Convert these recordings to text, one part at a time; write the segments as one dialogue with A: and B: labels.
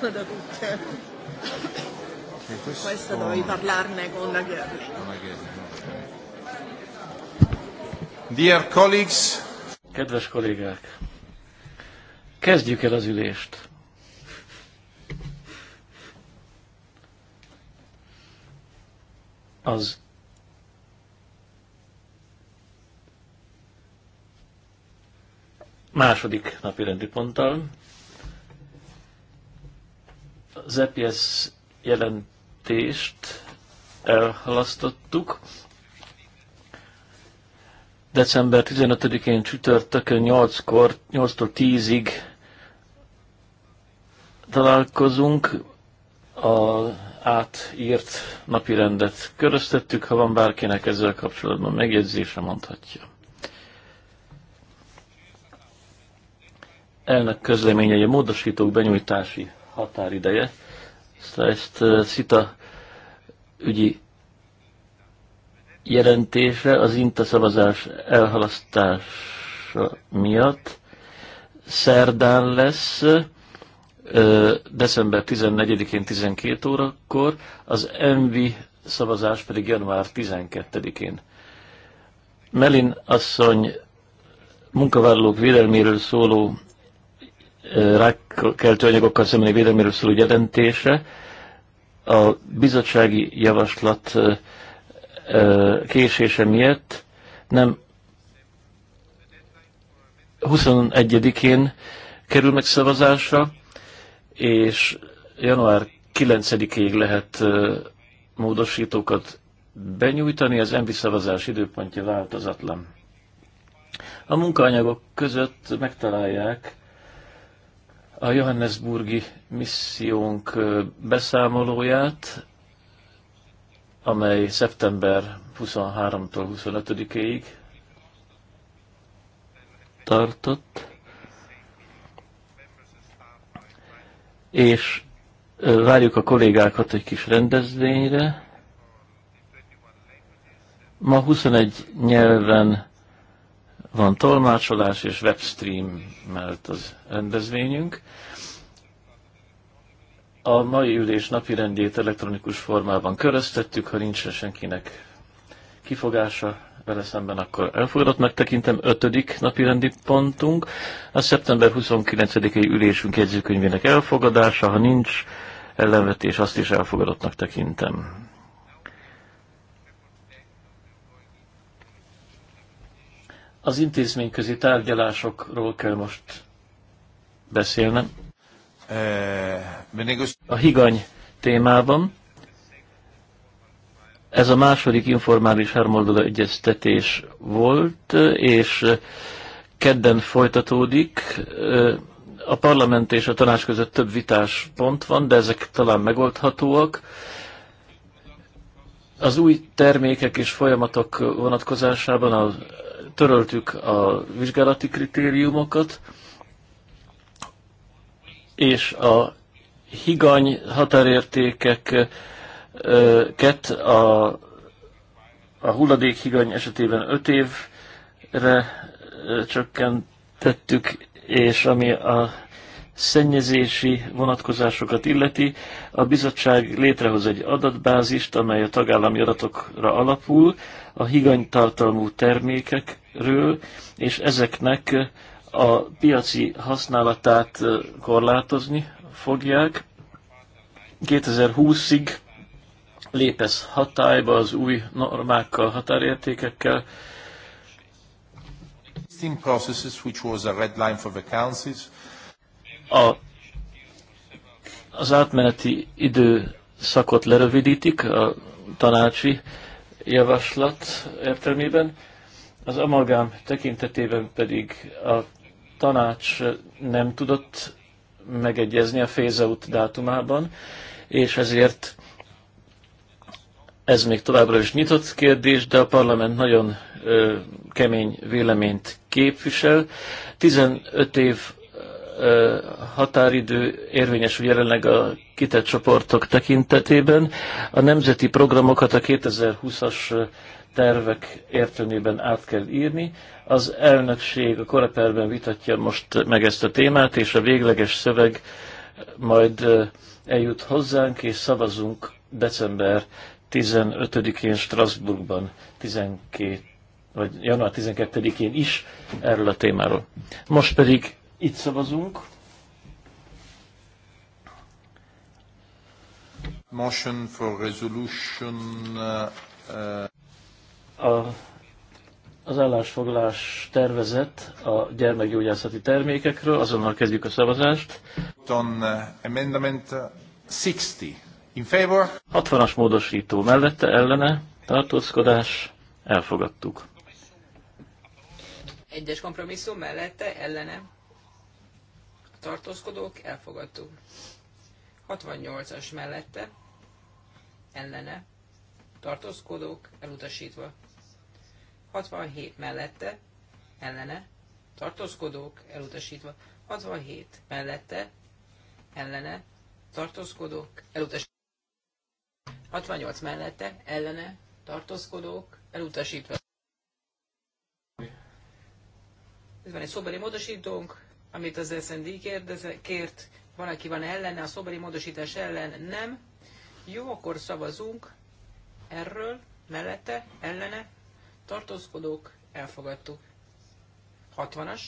A: tutte. Questo... dovevi parlarne con la
B: Dear colleagues. Kedves kollégák, kezdjük el az ülést. Az második napi rendi ponttal, az EPS jelentést elhalasztottuk. December 15-én csütörtökön 8-kor, 8-tól 10-ig találkozunk. A átírt napi rendet köröztettük, ha van bárkinek ezzel kapcsolatban megjegyzése, mondhatja. Elnök közleményei a módosítók benyújtási határideje. Ezt eh, Szita ügyi jelentése az INTA szavazás elhalasztása miatt szerdán lesz, eh, december 14-én 12 órakor, az envi szavazás pedig január 12-én. Melin asszony munkavállalók védelméről szóló rákkeltő anyagokkal szembeni védelméről szóló jelentése. A bizottsági javaslat késése miatt nem 21-én kerül megszavazásra, és január 9-ig lehet módosítókat benyújtani, az MV szavazás időpontja változatlan. A munkaanyagok között megtalálják a Johannesburgi missziónk beszámolóját, amely szeptember 23-tól 25-ig tartott, és várjuk a kollégákat egy kis rendezvényre. Ma 21 nyelven van tolmácsolás és webstream mellett az rendezvényünk. A mai ülés napi rendjét elektronikus formában köröztettük, ha nincs senkinek kifogása vele szemben, akkor elfogadott megtekintem ötödik napi rendi pontunk. A szeptember 29-i ülésünk jegyzőkönyvének elfogadása, ha nincs ellenvetés, azt is elfogadottnak tekintem. Az intézményközi tárgyalásokról kell most beszélnem. A higany témában ez a második informális háromoldalú egyeztetés volt, és kedden folytatódik. A parlament és a tanács között több vitás pont van, de ezek talán megoldhatóak. Az új termékek és folyamatok vonatkozásában a töröltük a vizsgálati kritériumokat, és a higany határértékeket a, a hulladék higany esetében 5 évre csökkentettük, és ami a szennyezési vonatkozásokat illeti, a bizottság létrehoz egy adatbázist, amely a tagállami adatokra alapul, a higany tartalmú termékek ről és ezeknek a piaci használatát korlátozni fogják. 2020-ig lépesz hatályba az új normákkal, határértékekkel. A, az átmeneti időszakot lerövidítik a tanácsi javaslat értelmében, az amalgám tekintetében pedig a tanács nem tudott megegyezni a fézeut dátumában, és ezért ez még továbbra is nyitott kérdés, de a parlament nagyon ö, kemény véleményt képvisel. 15 év ö, határidő érvényes jelenleg a kitett csoportok tekintetében. A nemzeti programokat a 2020-as tervek értelmében át kell írni. Az elnökség a koreperben vitatja most meg ezt a témát, és a végleges szöveg majd eljut hozzánk, és szavazunk december 15-én Strasbourgban, 12, vagy január 12-én is erről a témáról. Most pedig itt szavazunk. Motion for resolution uh, uh a, az állásfoglalás tervezet a gyermekgyógyászati termékekről, azonnal kezdjük a szavazást. On uh, amendment 60. Uh, In favor? 60-as módosító mellette, ellene, tartózkodás, elfogadtuk.
A: Egyes kompromisszum mellette, ellene, tartózkodók, elfogadtuk. 68-as mellette, ellene, tartózkodók, elutasítva. 67 mellette, ellene, tartózkodók elutasítva, 67 mellette, ellene, tartózkodók elutasítva, 68 mellette, ellene, tartózkodók elutasítva. Ez van egy szobari módosítónk, amit az SND kérdeze, kért, van, aki van ellene, a szobari módosítás ellen nem. Jó, akkor szavazunk erről, mellette, ellene, tartózkodók, elfogadtuk. 60-as,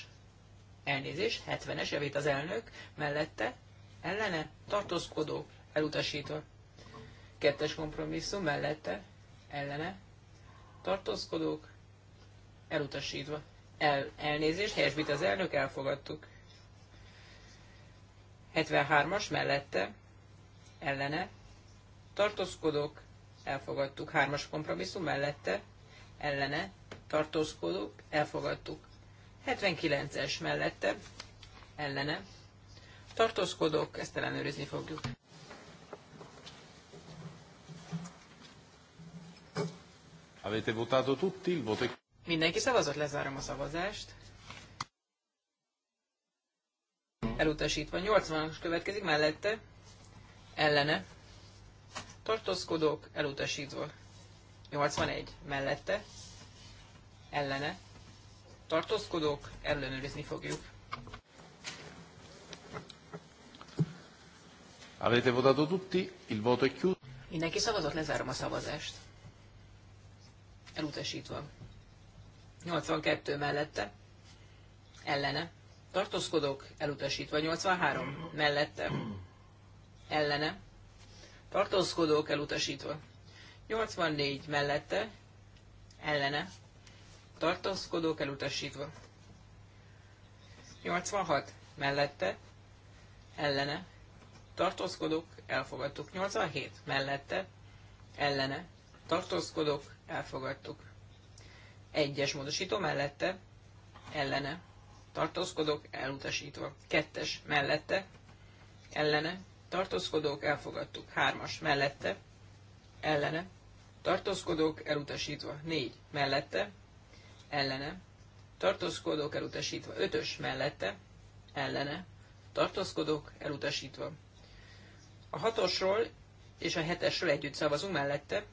A: elnézés, 70-es, javít az elnök, mellette, ellene, tartózkodók, elutasítva. Kettes kompromisszum, mellette, ellene, tartózkodók, elutasítva. El, elnézést, helyesbít az elnök, elfogadtuk. 73-as mellette, ellene, tartózkodók, elfogadtuk. Hármas kompromisszum mellette, ellene tartózkodók, elfogadtuk. 79-es mellette, ellene tartózkodók, ezt ellenőrizni fogjuk. Avete votato tutti il voto? Mindenki szavazott, lezárom a szavazást. Elutasítva 80-as következik mellette, ellene tartózkodók, elutasítva 81 mellette, ellene, tartózkodók, ellenőrizni fogjuk. Avete votato tutti, il voto è chiuso. Mindenki szavazott, lezárom a szavazást. Elutasítva. 82 mellette, ellene, tartózkodók, elutasítva. 83 mellette, ellene, tartózkodók, elutasítva. 84 mellette, ellene, tartózkodók elutasítva. 86 mellette, ellene, tartózkodók elfogadtuk. 87 mellette, ellene, tartózkodók elfogadtuk. Egyes módosító mellette, ellene, tartózkodók elutasítva. Kettes mellette, ellene, tartózkodók elfogadtuk. Hármas mellette, ellene, tartózkodók elutasítva, 4 mellette, ellene, tartózkodók elutasítva, 5-ös mellette, ellene, tartózkodók elutasítva. A 6-osról és a 7-esről együtt szavazunk mellette,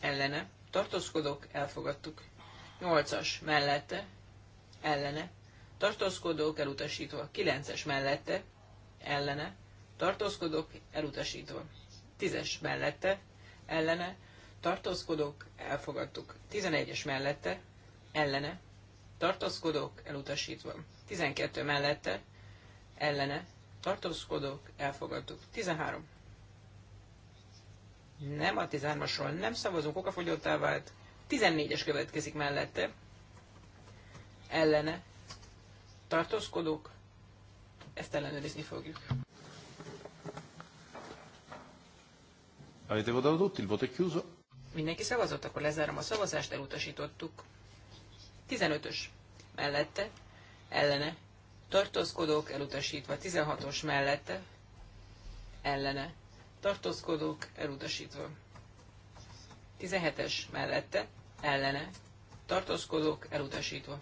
A: ellene, tartózkodók elfogadtuk, 8-as mellette, ellene, tartózkodók elutasítva, 9-es mellette, ellene, tartózkodók elutasítva, 10-es mellette, ellene, tartózkodók, elfogadtuk. 11-es mellette, ellene, tartózkodók, elutasítva. 12 mellette, ellene, tartózkodók, elfogadtuk. 13. Nem, a 13-asról nem szavazunk, okafogyottá vált. 14-es következik mellette, ellene, tartózkodók, ezt ellenőrizni fogjuk. Avete votato tutti, il voto è chiuso. Mindenki szavazott, akkor lezárom a szavazást, elutasítottuk. 15-ös mellette, ellene. Tartózkodók elutasítva, 16-os mellette, ellene. Tartózkodók elutasítva. 17-es mellette, ellene. Tartózkodók elutasítva.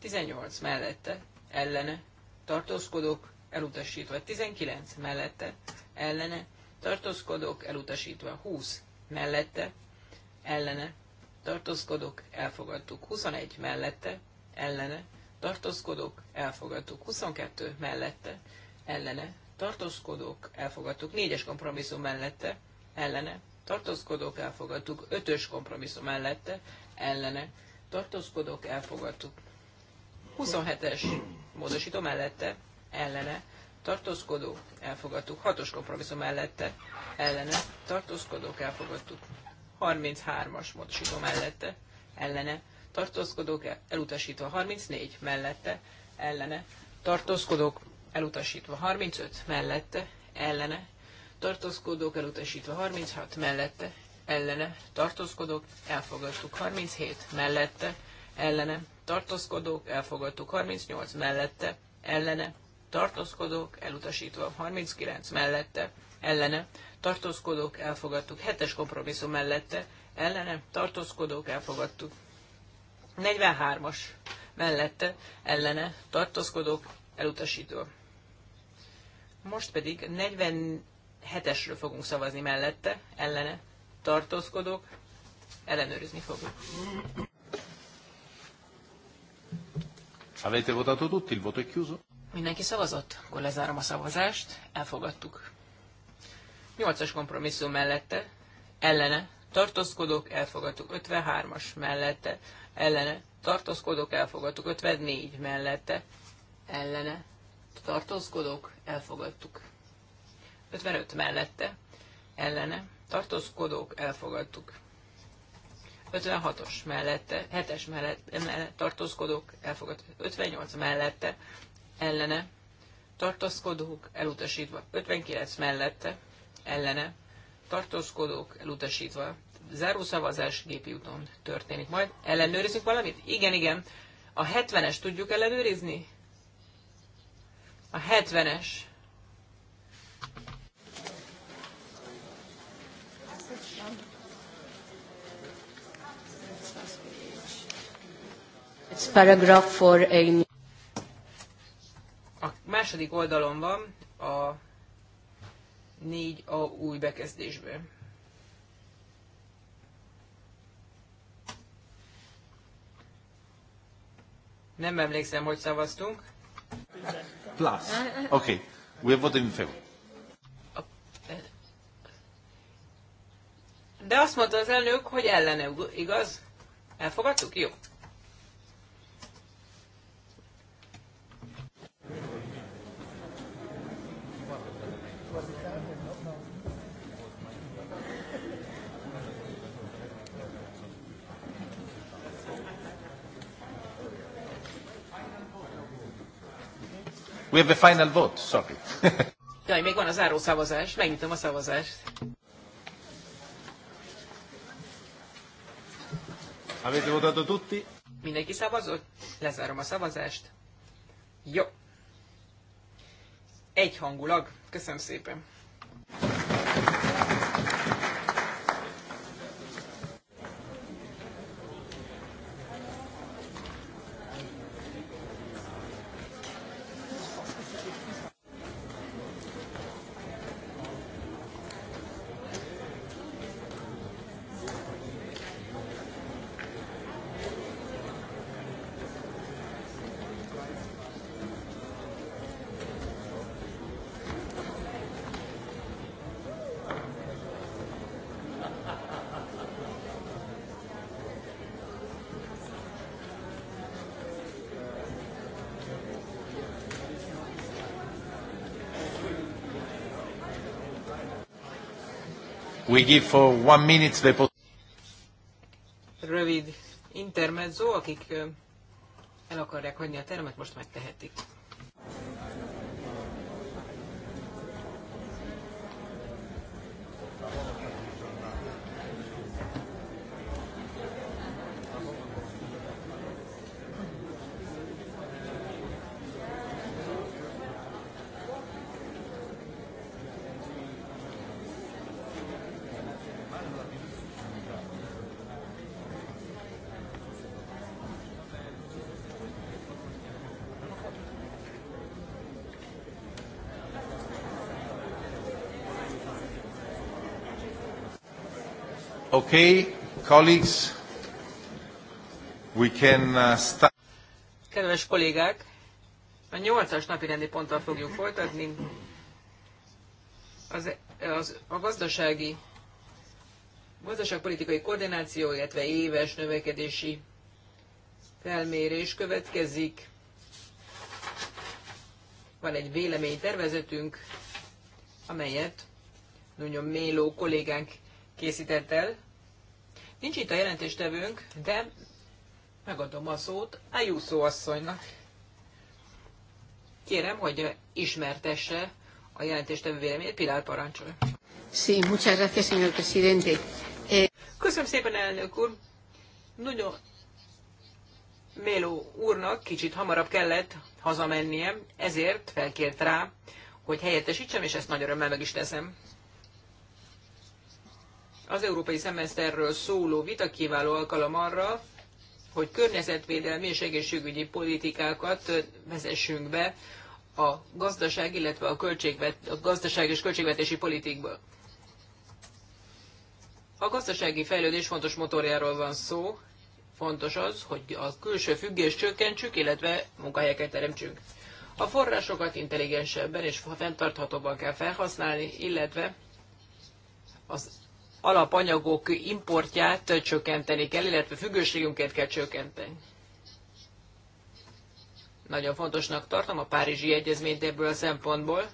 A: 18 mellette, ellene. Tartózkodók elutasítva. 19 mellette, ellene. Tartózkodók elutasítva. 20 mellette, ellene, tartózkodok, elfogadtuk. 21 mellette, ellene, tartózkodok, elfogadtuk. 22 mellette, ellene, tartózkodok, elfogadtuk. 4-es kompromisszum mellette, ellene, tartózkodok, elfogadtuk. 5-ös kompromisszum mellette, ellene, tartózkodok, elfogadtuk. 27-es módosító mellette, ellene, tartózkodó, elfogadtuk. 6-os kompromisszum mellette, ellene, tartózkodók, elfogadtuk. 33-as módosító mellette ellene tartózkodók elutasítva 34 mellette ellene tartózkodók elutasítva 35 mellette ellene tartózkodók elutasítva 36 mellette ellene tartózkodók elfogadtuk 37 mellette ellene tartózkodók elfogadtuk 38 mellette ellene tartózkodók, elutasítva 39 mellette, ellene, tartózkodók, elfogadtuk, 7-es kompromisszum mellette, ellene, tartózkodók, elfogadtuk. 43-as mellette, ellene, tartózkodók, elutasítva. Most pedig 47-esről fogunk szavazni mellette, ellene, tartózkodók, ellenőrizni fogjuk.
C: Avete votato
A: tutti, il voto è chiuso. Mindenki szavazott? Akkor lezárom a szavazást. Elfogadtuk. Nyolcas kompromisszum mellette, ellene, tartózkodók, elfogadtuk. 53-as mellette, ellene, tartózkodók, elfogadtuk. 54 mellette, ellene, tartózkodók, elfogadtuk. 55 mellette, ellene, tartózkodók, elfogadtuk. 56-os mellette, 7-es mellette, mellette, tartózkodók, elfogadtuk. 58 mellette, ellene tartózkodók elutasítva 59 mellette ellene tartózkodók elutasítva. Zárószavazás gépi úton történik majd. Ellenőrizünk valamit? Igen, igen. A 70-es tudjuk ellenőrizni? A 70-es.
B: It's paragraph
A: for a a második oldalon van a 4A új bekezdésből. Nem emlékszem, hogy szavaztunk. Plus.
B: Okay. We voted in favor.
A: De azt mondta az elnök, hogy ellene, igaz? Elfogadtuk? Jó.
B: We have the final vote, sorry.
A: Jaj, még van a záró szavazás. Megnyitom a szavazást.
C: Avete votato tutti?
A: Mindenki szavazott? Lezárom a szavazást. Jó. Egyhangulag. Köszönöm szépen. Rövid intermezzo, akik el akarják hagyni a termet, most megtehetik. Okay, colleagues, we can uh, start. Kedves kollégák, a nyolcas napi rendi ponttal fogjuk folytatni. Az, az, a gazdasági, gazdaságpolitikai koordináció, illetve éves növekedési felmérés következik. Van egy véleménytervezetünk, amelyet Nunyom méló kollégánk készített el. Nincs itt a jelentéstevőnk, de megadom a szót Jusszó asszonynak. Kérem, hogy ismertesse a jelentéstevő véleményét. Pilár parancsol. Sí, muchas gracias, señor presidente. Eh, Köszönöm szépen, elnök úr. Nagyon Méló úrnak kicsit hamarabb kellett hazamennie, ezért felkért rá, hogy helyettesítsem, és ezt nagy örömmel meg is teszem. Az európai szemeszterről szóló vita kiváló alkalom arra, hogy környezetvédelmi és egészségügyi politikákat vezessünk be a gazdaság, illetve a, költségvet, a gazdaság és költségvetési politikba. A gazdasági fejlődés fontos motorjáról van szó, fontos az, hogy a külső függést csökkentsük, illetve munkahelyeket teremtsünk. A forrásokat intelligensebben és fenntarthatóban kell felhasználni, illetve az alapanyagok importját csökkenteni kell, illetve függőségünket kell csökkenteni. Nagyon fontosnak tartom a Párizsi Egyezményt ebből a szempontból.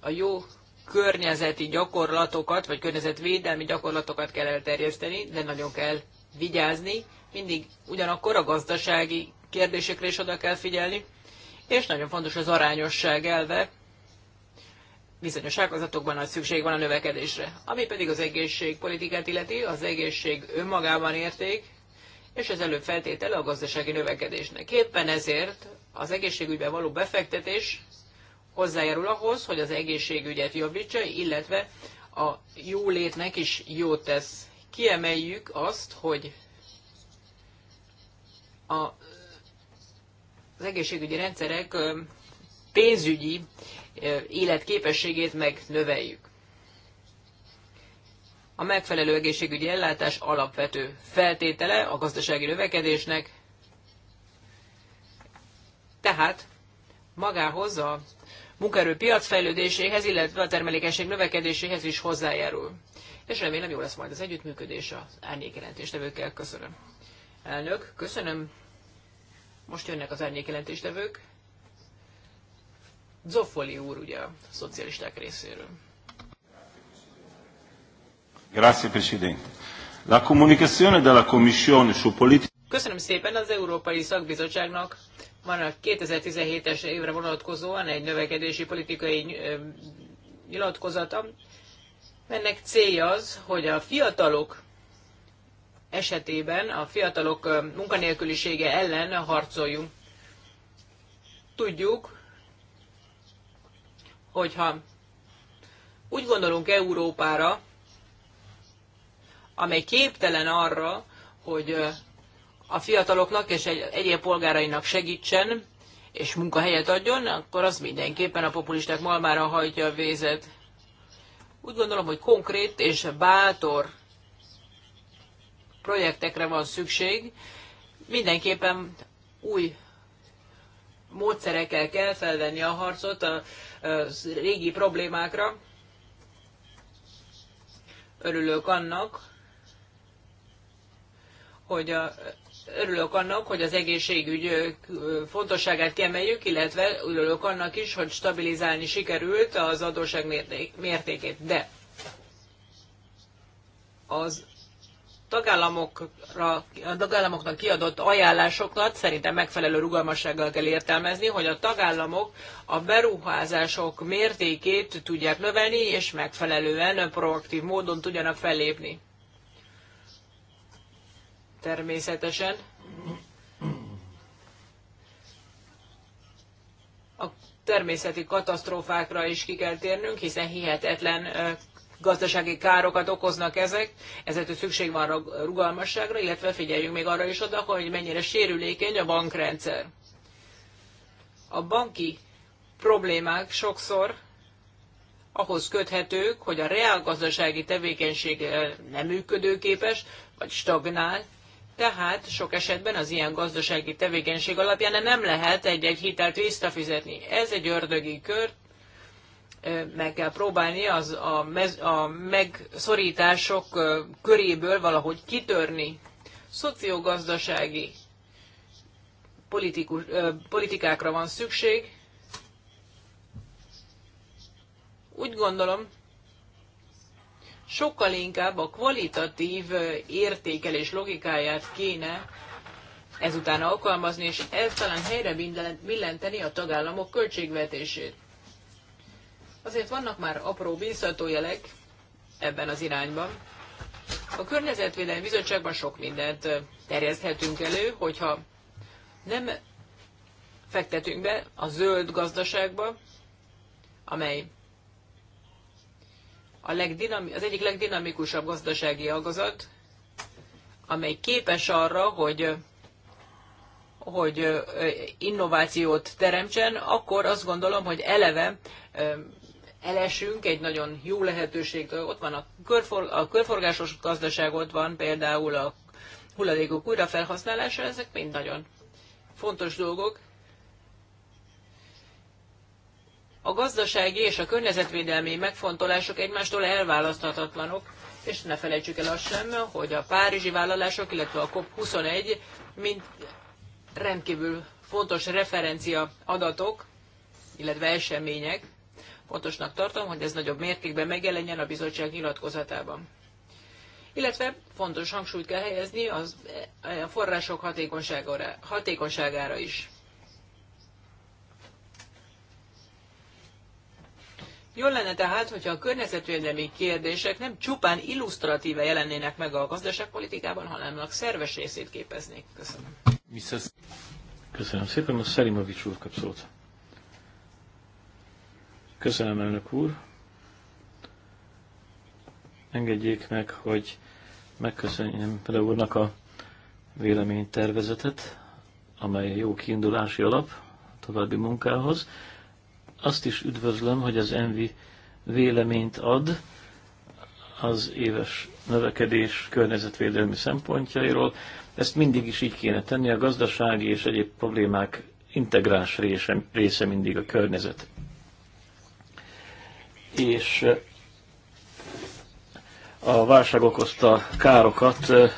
A: A jó környezeti gyakorlatokat, vagy környezetvédelmi gyakorlatokat kell elterjeszteni, de nagyon kell vigyázni. Mindig ugyanakkor a gazdasági kérdésekre is oda kell figyelni, és nagyon fontos az arányosság elve, bizonyos ágazatokban nagy szükség van a növekedésre. Ami pedig az egészségpolitikát illeti, az egészség önmagában érték, és ez előbb feltétele a gazdasági növekedésnek. Éppen ezért az egészségügyben való befektetés hozzájárul ahhoz, hogy az egészségügyet javítsa, illetve a jólétnek is jót tesz. Kiemeljük azt, hogy a, az egészségügyi rendszerek pénzügyi életképességét megnöveljük. A megfelelő egészségügyi ellátás alapvető feltétele a gazdasági növekedésnek, tehát magához a munkaerőpiac fejlődéséhez, illetve a termelékenység növekedéséhez is hozzájárul. És remélem jó lesz majd az együttműködés az árnyékjelentéstevőkkel. Köszönöm. Elnök, köszönöm. Most jönnek az árnyékjelentéstevők. Zoffoli úr ugye a szocialisták részéről.
B: Grazie Presidente. La comunicazione della Commissione su politica...
A: Köszönöm szépen az Európai Szakbizottságnak. Van a 2017-es évre vonatkozóan egy növekedési politikai nyilatkozata. Ennek célja az, hogy a fiatalok esetében, a fiatalok munkanélkülisége ellen harcoljunk. Tudjuk, hogyha úgy gondolunk Európára, amely képtelen arra, hogy a fiataloknak és egy, egyéb polgárainak segítsen, és munkahelyet adjon, akkor az mindenképpen a populisták malmára hajtja a vézet. Úgy gondolom, hogy konkrét és bátor projektekre van szükség. Mindenképpen új módszerekkel kell felvenni a harcot a régi problémákra. Örülök annak, hogy a, örülök annak, hogy az egészségügy fontosságát kiemeljük, illetve örülök annak is, hogy stabilizálni sikerült az adóság mértékét. De az tagállamokra, a tagállamoknak kiadott ajánlásokat szerintem megfelelő rugalmassággal kell értelmezni, hogy a tagállamok a beruházások mértékét tudják növelni, és megfelelően proaktív módon tudjanak fellépni. Természetesen. A természeti katasztrófákra is ki kell térnünk, hiszen hihetetlen gazdasági károkat okoznak ezek, ezért szükség van a rugalmasságra, illetve figyeljünk még arra is oda, hogy mennyire sérülékeny a bankrendszer. A banki problémák sokszor ahhoz köthetők, hogy a reálgazdasági tevékenység nem működőképes, vagy stagnál, tehát sok esetben az ilyen gazdasági tevékenység alapján nem lehet egy-egy hitelt visszafizetni. Ez egy ördögi kör, meg kell próbálni az, a, mez, a megszorítások köréből valahogy kitörni. Szociogazdasági politikus, politikákra van szükség. Úgy gondolom, sokkal inkább a kvalitatív értékelés logikáját kéne ezután alkalmazni, és ezt talán helyre billenteni a tagállamok költségvetését. Azért vannak már apró jelek ebben az irányban. A Környezetvédelmi Bizottságban sok mindent terjeszthetünk elő, hogyha nem fektetünk be a zöld gazdaságba, amely a legdinami- az egyik legdinamikusabb gazdasági ágazat, amely képes arra, hogy hogy innovációt teremtsen, akkor azt gondolom, hogy eleve elesünk egy nagyon jó lehetőség, Ott van a, körfor, a körforgásos gazdaság, ott van például a hulladékok újrafelhasználása, ezek mind nagyon fontos dolgok. A gazdasági és a környezetvédelmi megfontolások egymástól elválaszthatatlanok, és ne felejtsük el azt sem, hogy a párizsi vállalások, illetve a COP21 mind rendkívül fontos referencia adatok, illetve események, Fontosnak tartom, hogy ez nagyobb mértékben megjelenjen a bizottság nyilatkozatában. Illetve fontos hangsúlyt kell helyezni az, a források hatékonyságára, hatékonyságára is. Jól lenne tehát, hogyha a környezetvédelmi kérdések nem csupán illusztratíve jelennének meg a gazdaságpolitikában, hanem a szerves részét képeznék. Köszönöm.
B: Köszönöm szépen, a Szerimovics úr kap Köszönöm, elnök úr. Engedjék meg, hogy megköszönjem Pele úrnak a véleménytervezetet, amely jó kiindulási alap a további munkához. Azt is üdvözlöm, hogy az Envi véleményt ad az éves növekedés környezetvédelmi szempontjairól. Ezt mindig is így kéne tenni, a gazdasági és egyéb problémák integráns része, része mindig a környezet és eh, a válság okozta károkat eh,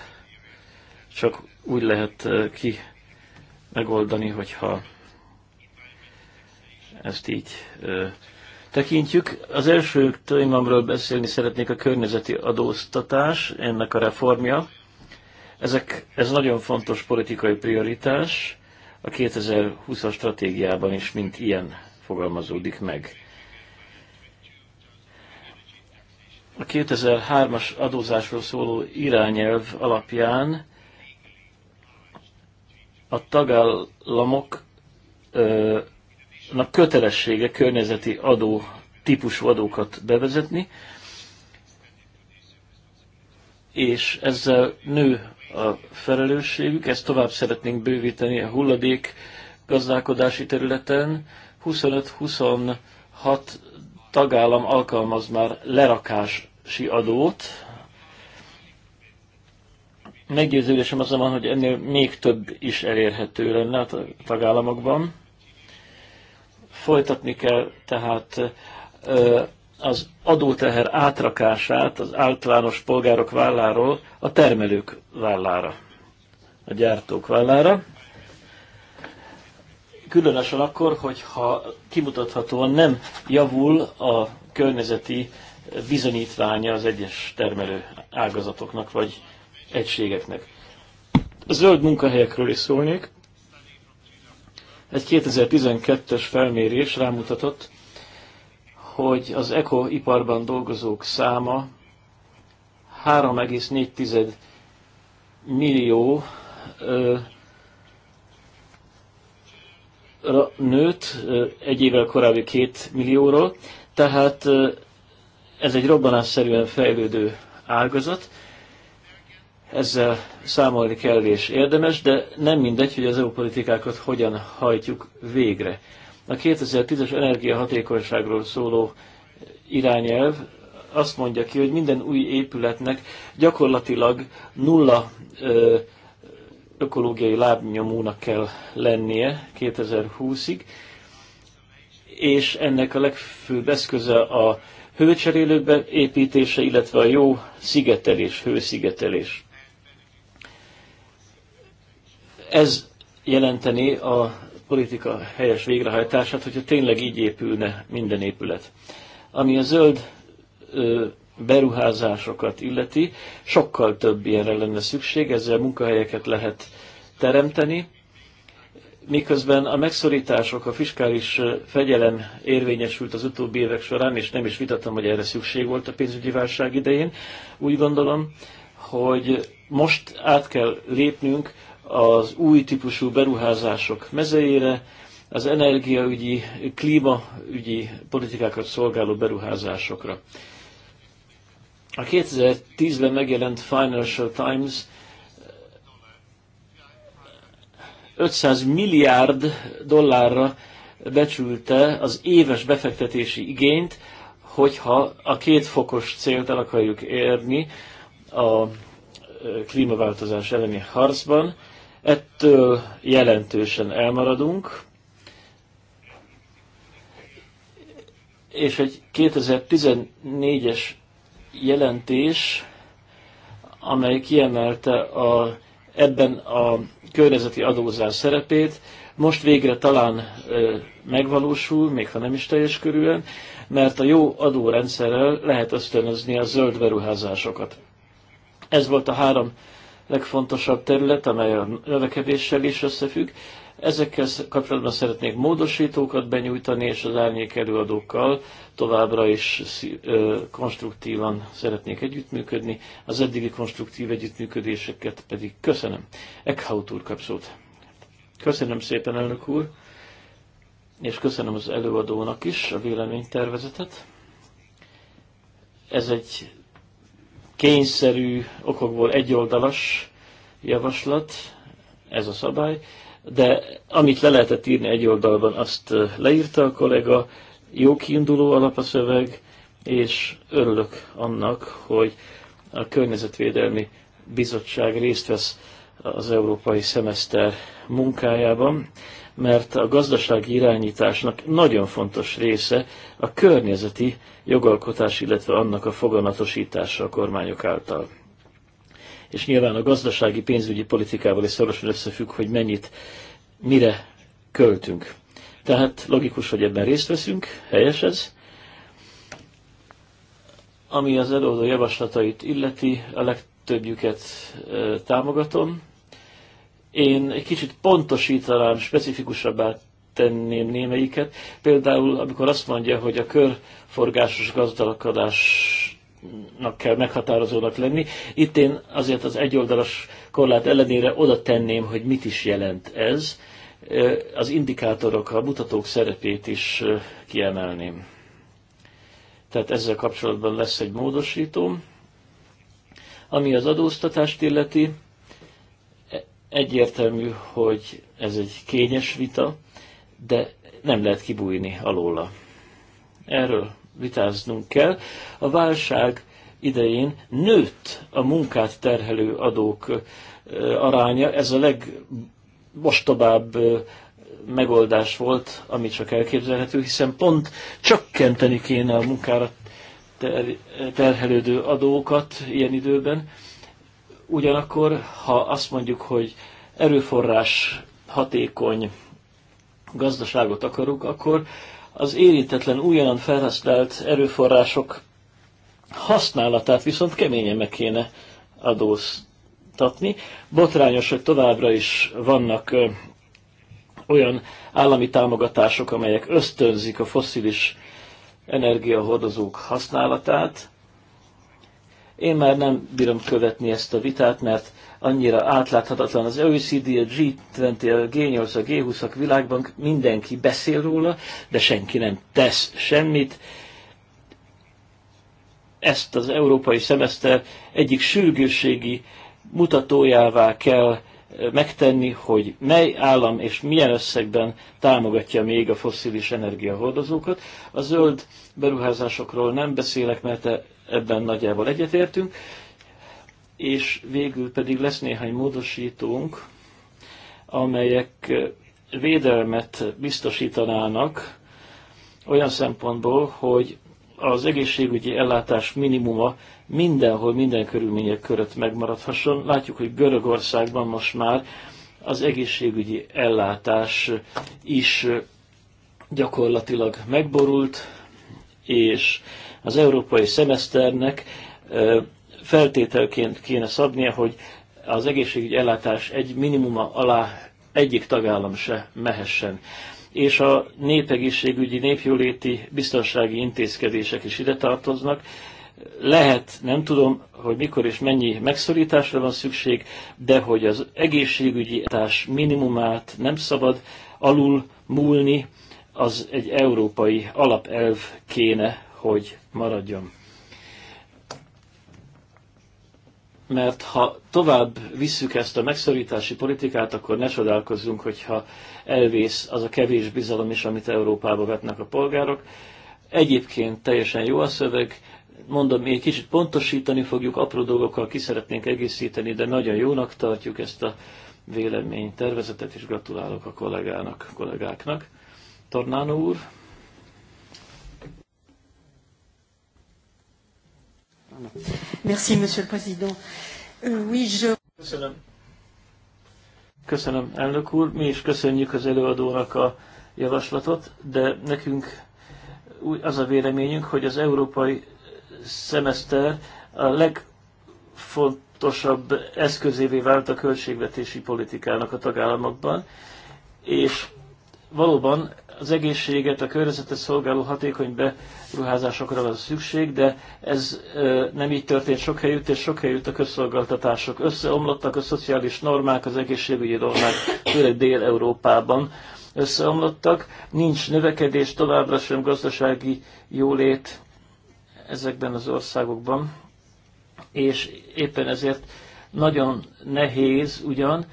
B: csak úgy lehet eh, ki megoldani, hogyha ezt így tekintjük. Az első témámról beszélni szeretnék a környezeti adóztatás, ennek a reformja. Ezek, ez nagyon fontos politikai prioritás, a 2020-as stratégiában is, mint ilyen fogalmazódik meg. a 2003-as adózásról szóló irányelv alapján a tagállamoknak kötelessége környezeti adó típusú adókat bevezetni, és ezzel nő a felelősségük, ezt tovább szeretnénk bővíteni a hulladék gazdálkodási területen. 25-26 tagállam alkalmaz már lerakási adót. Meggyőződésem az van, hogy ennél még több is elérhető lenne a tagállamokban. Folytatni kell tehát az adóteher átrakását az általános polgárok válláról a termelők vállára, a gyártók vállára különösen akkor, hogyha kimutathatóan nem javul a környezeti bizonyítványa az egyes termelő ágazatoknak vagy egységeknek. A zöld munkahelyekről is szólnék. Egy 2012-es felmérés rámutatott, hogy az ekoiparban dolgozók száma 3,4 millió nőtt, egy évvel korábbi két millióról, tehát ez egy robbanásszerűen fejlődő ágazat, ezzel számolni kell és érdemes, de nem mindegy, hogy az EU politikákat hogyan hajtjuk végre. A 2010-es energiahatékonyságról szóló irányelv azt mondja ki, hogy minden új épületnek gyakorlatilag nulla ö, ökológiai lábnyomónak kell lennie 2020-ig, és ennek a legfőbb eszköze a hőcserélők építése illetve a jó szigetelés, hőszigetelés. Ez jelenteni a politika helyes végrehajtását, hogyha tényleg így épülne minden épület. Ami a zöld beruházásokat illeti, sokkal több ilyenre lenne szükség, ezzel munkahelyeket lehet teremteni, miközben a megszorítások, a fiskális fegyelem érvényesült az utóbbi évek során, és nem is vitatom, hogy erre szükség volt a pénzügyi válság idején, úgy gondolom, hogy most át kell lépnünk az új típusú beruházások mezejére, az energiaügyi, klímaügyi politikákat szolgáló beruházásokra. A 2010-ben megjelent Financial Times 500 milliárd dollárra becsülte az éves befektetési igényt, hogyha a két fokos célt el akarjuk érni a klímaváltozás elleni harcban. Ettől jelentősen elmaradunk, és egy 2014-es jelentés, amely kiemelte a, ebben a környezeti adózás szerepét, most végre talán ö, megvalósul, még ha nem is teljes körülön, mert a jó adórendszerrel lehet ösztönözni a zöld beruházásokat. Ez volt a három legfontosabb terület, amely a növekedéssel is összefügg, Ezekkel kapcsolatban szeretnék módosítókat benyújtani, és az árnyék előadókkal továbbra is konstruktívan szeretnék együttműködni. Az eddigi konstruktív együttműködéseket pedig köszönöm. Eckhout úr kapszót. Köszönöm szépen, elnök úr, és köszönöm az előadónak is a véleménytervezetet. Ez egy kényszerű okokból egyoldalas javaslat, ez a szabály de amit le lehetett írni egy oldalban, azt leírta a kollega, jó kiinduló alap a szöveg, és örülök annak, hogy a Környezetvédelmi Bizottság részt vesz az európai szemeszter munkájában, mert a gazdasági irányításnak nagyon fontos része a környezeti jogalkotás, illetve annak a foganatosítása a kormányok által és nyilván a gazdasági pénzügyi politikával is szorosan összefügg, hogy mennyit, mire költünk. Tehát logikus, hogy ebben részt veszünk, helyes ez. Ami az előadó javaslatait illeti, a legtöbbjüket támogatom. Én egy kicsit pontosítanám, specifikusabbá tenném némelyiket. Például, amikor azt mondja, hogy a körforgásos gazdálkodás nak kell meghatározónak lenni. Itt én azért az egyoldalas korlát ellenére oda tenném, hogy mit is jelent ez. Az indikátorok, a mutatók szerepét is kiemelném. Tehát ezzel kapcsolatban lesz egy módosító. Ami az adóztatást illeti, e, egyértelmű, hogy ez egy kényes vita, de nem lehet kibújni alóla. Erről vitáznunk kell. A válság idején nőtt a munkát terhelő adók aránya, ez a legmostabább megoldás volt, ami csak elképzelhető, hiszen pont csökkenteni kéne a munkára terhelődő adókat ilyen időben. Ugyanakkor, ha azt mondjuk, hogy erőforrás hatékony gazdaságot akarunk, akkor az érintetlen újonnan felhasznált erőforrások használatát viszont keményen meg kéne adóztatni. Botrányos, hogy továbbra is vannak ö, olyan állami támogatások, amelyek ösztönzik a foszilis energiahordozók használatát. Én már nem bírom követni ezt a vitát, mert annyira átláthatatlan az OECD, a G20, a G8, a G20-ak világban mindenki beszél róla, de senki nem tesz semmit. Ezt az európai szemeszter egyik sürgősségi mutatójává kell eh, megtenni, hogy mely állam és milyen összegben támogatja még a foszilis energiahordozókat. A zöld beruházásokról nem beszélek, mert e- ebben nagyjából egyetértünk és végül pedig lesz néhány módosítónk, amelyek védelmet biztosítanának olyan szempontból, hogy az egészségügyi ellátás minimuma mindenhol, minden körülmények között megmaradhasson. Látjuk, hogy Görögországban most már az egészségügyi ellátás is gyakorlatilag megborult, és az európai szemeszternek feltételként kéne szabnia, hogy az egészségügyi ellátás egy minimuma alá egyik tagállam se mehessen. És a népegészségügyi, népjóléti biztonsági intézkedések is ide tartoznak. Lehet, nem tudom, hogy mikor és mennyi megszorításra van szükség, de hogy az egészségügyi ellátás minimumát nem szabad alul múlni, az egy európai alapelv kéne, hogy maradjon. mert ha tovább visszük ezt a megszorítási politikát, akkor ne csodálkozzunk, hogyha elvész az a kevés bizalom is, amit Európába vetnek a polgárok. Egyébként teljesen jó a szöveg, mondom, még kicsit pontosítani fogjuk, apró dolgokkal ki szeretnénk egészíteni, de nagyon jónak tartjuk ezt a véleménytervezetet, és gratulálok a kollégának, kollégáknak. Tornánó úr!
A: Merci, Monsieur le Président. Euh, oui,
B: je... Köszönöm. Köszönöm, elnök úr. Mi is köszönjük az előadónak a javaslatot, de nekünk az a véleményünk, hogy az európai szemeszter a legfontosabb eszközévé vált a költségvetési politikának a tagállamokban, és valóban az egészséget, a környezetet szolgáló hatékony beruházásokra van szükség, de ez nem így történt sok helyütt, és sok helyütt a közszolgáltatások összeomlottak, a szociális normák, az egészségügyi normák, főleg Dél-Európában összeomlottak. Nincs növekedés, továbbra sem gazdasági jólét ezekben az országokban, és éppen ezért nagyon nehéz ugyan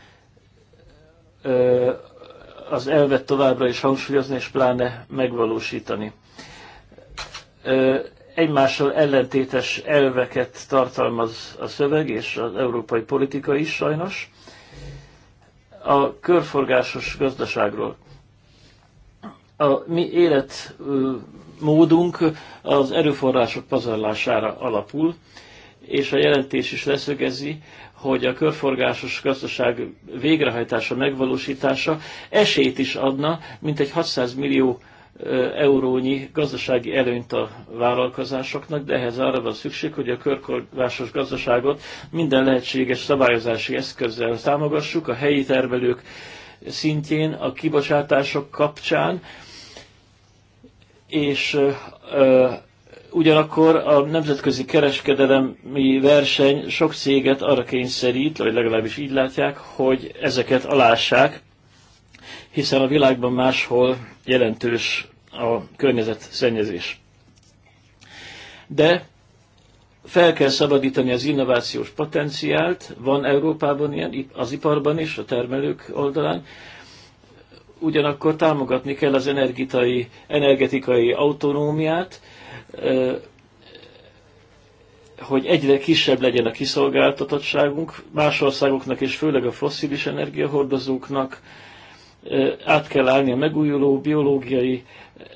B: az elvet továbbra is hangsúlyozni, és pláne megvalósítani. Egymással ellentétes elveket tartalmaz a szöveg, és az európai politika is sajnos. A körforgásos gazdaságról. A mi életmódunk az erőforrások pazarlására alapul, és a jelentés is leszögezi, hogy a körforgásos gazdaság végrehajtása, megvalósítása esélyt is adna, mint egy 600 millió eurónyi gazdasági előnyt a vállalkozásoknak, de ehhez arra van szükség, hogy a körkorvásos gazdaságot minden lehetséges szabályozási eszközzel támogassuk, a helyi termelők szintjén, a kibocsátások kapcsán, és ugyanakkor a nemzetközi kereskedelemi verseny sok céget arra kényszerít, vagy legalábbis így látják, hogy ezeket alássák, hiszen a világban máshol jelentős a környezet szennyezés. De fel kell szabadítani az innovációs potenciált, van Európában ilyen, az iparban is, a termelők oldalán, ugyanakkor támogatni kell az energitai, energetikai autonómiát, hogy egyre kisebb legyen a kiszolgáltatottságunk, más országoknak és főleg a fosszilis energiahordozóknak át kell állni a megújuló biológiai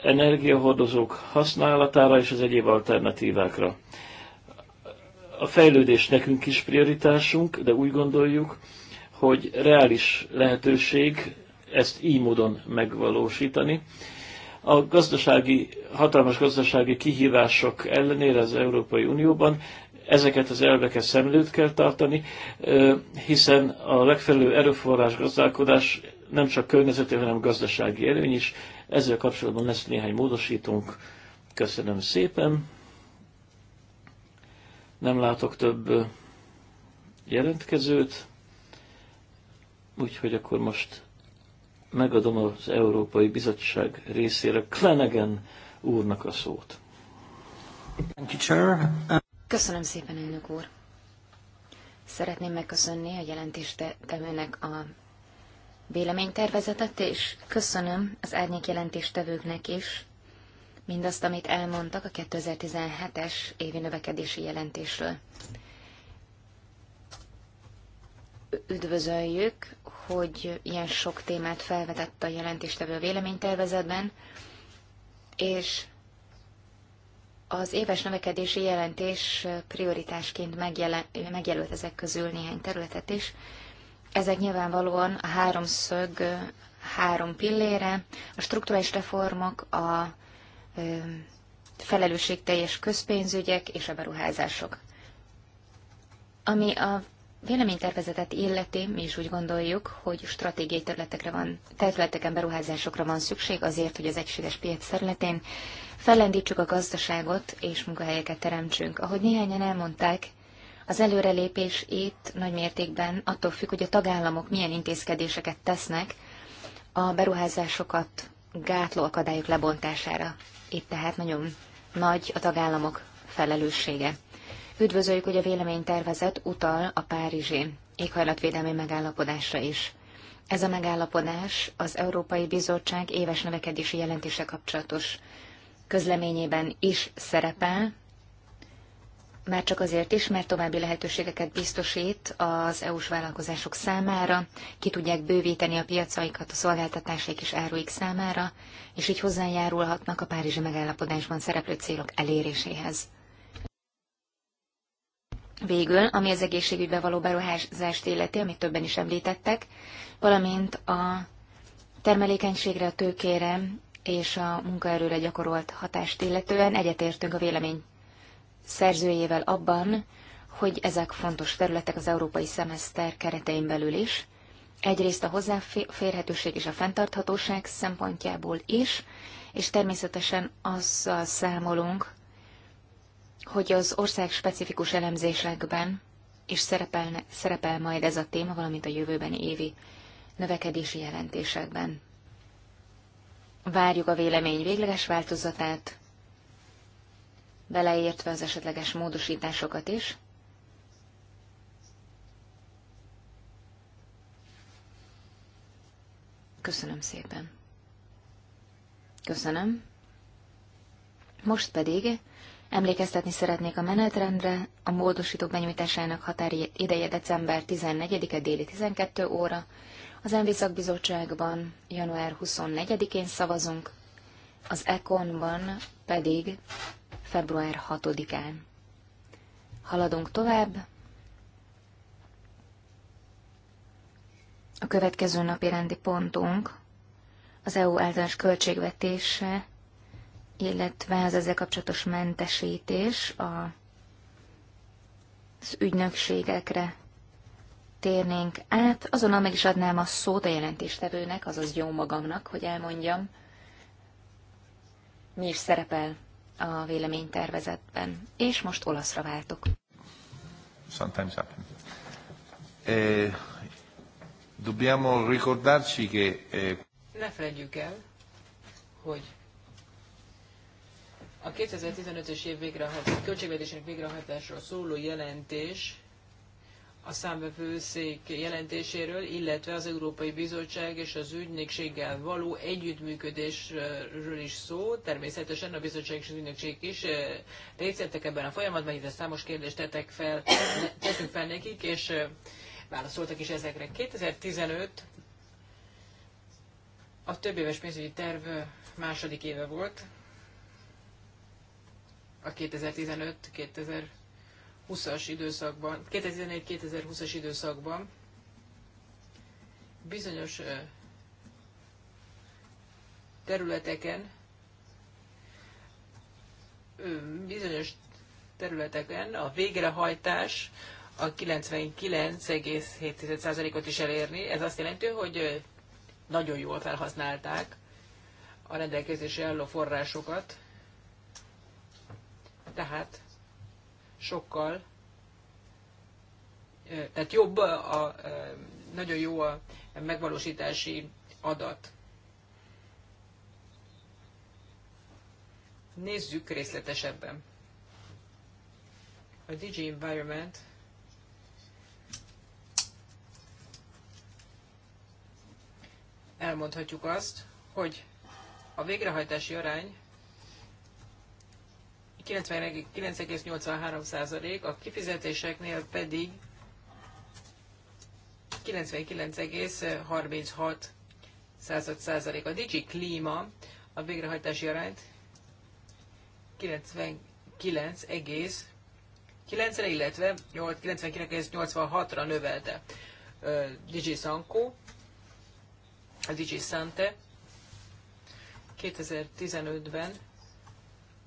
B: energiahordozók használatára és az egyéb alternatívákra. A fejlődés nekünk is prioritásunk, de úgy gondoljuk, hogy reális lehetőség ezt így módon megvalósítani a gazdasági, hatalmas gazdasági kihívások ellenére az Európai Unióban ezeket az elveket szem előtt kell tartani, hiszen a legfelelő erőforrás gazdálkodás nem csak környezeti, hanem gazdasági előny is. Ezzel kapcsolatban lesz néhány módosítunk. Köszönöm szépen. Nem látok több jelentkezőt, úgyhogy akkor most megadom az Európai Bizottság részére Klenegen úrnak a szót.
C: Uh, köszönöm szépen, elnök úr. Szeretném megköszönni a jelentéstevőnek a véleménytervezetet, és köszönöm az árnyék jelentéstevőknek is mindazt, amit elmondtak a 2017-es évi növekedési jelentésről. Üdvözöljük, hogy ilyen sok témát felvetett a jelentéstevő a véleménytervezetben, és az éves növekedési jelentés prioritásként megjelen, megjelölt ezek közül néhány területet is. Ezek nyilvánvalóan a háromszög három pillére, a strukturális reformok, a felelősségteljes közpénzügyek és a beruházások. Ami a véleménytervezetet illeti, mi is úgy gondoljuk, hogy stratégiai területekre van, területeken beruházásokra van szükség azért, hogy az egységes piac területén fellendítsük a gazdaságot és munkahelyeket teremtsünk. Ahogy néhányan elmondták, az előrelépés itt nagy mértékben attól függ, hogy a tagállamok milyen intézkedéseket tesznek a beruházásokat gátló akadályok lebontására. Itt tehát nagyon nagy a tagállamok felelőssége. Üdvözöljük, hogy a véleménytervezet utal a Párizsi éghajlatvédelmi megállapodásra is. Ez a megállapodás az Európai Bizottság éves növekedési jelentése kapcsolatos közleményében is szerepel, már csak azért is, mert további lehetőségeket biztosít az EU-s vállalkozások számára, ki tudják bővíteni a piacaikat a szolgáltatásaik és áruik számára, és így hozzájárulhatnak a Párizsi megállapodásban szereplő célok eléréséhez. Végül, ami az egészségügybe való beruházást illeti, amit többen is említettek, valamint a termelékenységre, a tőkére és a munkaerőre gyakorolt hatást illetően egyetértünk a vélemény szerzőjével abban, hogy ezek fontos területek az európai szemeszter keretein belül is. Egyrészt a hozzáférhetőség és a fenntarthatóság szempontjából is, és természetesen azzal számolunk, hogy az ország specifikus elemzésekben is szerepel, szerepel majd ez a téma, valamint a jövőbeni évi növekedési jelentésekben. Várjuk a vélemény végleges változatát, beleértve az esetleges módosításokat is. Köszönöm szépen. Köszönöm. Most pedig Emlékeztetni szeretnék a menetrendre, a módosítók benyújtásának határideje december 14-e déli 12 óra, az MV szakbizottságban január 24-én szavazunk, az ECON-ban pedig február 6-án. Haladunk tovább. A következő napi rendi pontunk az EU általános költségvetése illetve az ezzel kapcsolatos mentesítés a, az ügynökségekre térnénk át. Azonnal meg is adnám a szót a jelentéstevőnek, azaz jó magamnak, hogy elmondjam, mi is szerepel a véleménytervezetben. És most olaszra váltok.
B: Sometimes happens. Eh, dobbiamo ricordarci che... Eh...
C: Ne felejtjük
A: el, hogy a 2015-ös év végrehajtás, költségvetésének végrehajtásról szóló jelentés a számvevőszék jelentéséről, illetve az Európai Bizottság és az ügynökséggel való együttműködésről is szó. Természetesen a bizottság és az ügynökség is eh, részt ebben a folyamatban, hiszen számos kérdést tettek fel, tettünk fel nekik, és eh, válaszoltak is ezekre. 2015 a több éves pénzügyi terv eh, második éve volt, a 2015-2020-as időszakban, 2014-2020-as időszakban bizonyos területeken bizonyos területeken a végrehajtás a 99,7%-ot is elérni. Ez azt jelenti, hogy nagyon jól felhasználták a rendelkezésre álló forrásokat tehát sokkal, tehát jobb, a, nagyon jó a megvalósítási adat. Nézzük részletesebben. A DG Environment elmondhatjuk azt, hogy a végrehajtási arány 99,83% a kifizetéseknél pedig 99,36 százalék. A Digi Klíma a végrehajtási arányt 99,9-re, illetve 99,86-ra növelte. Digi Sanko, a Digi Sante 2015-ben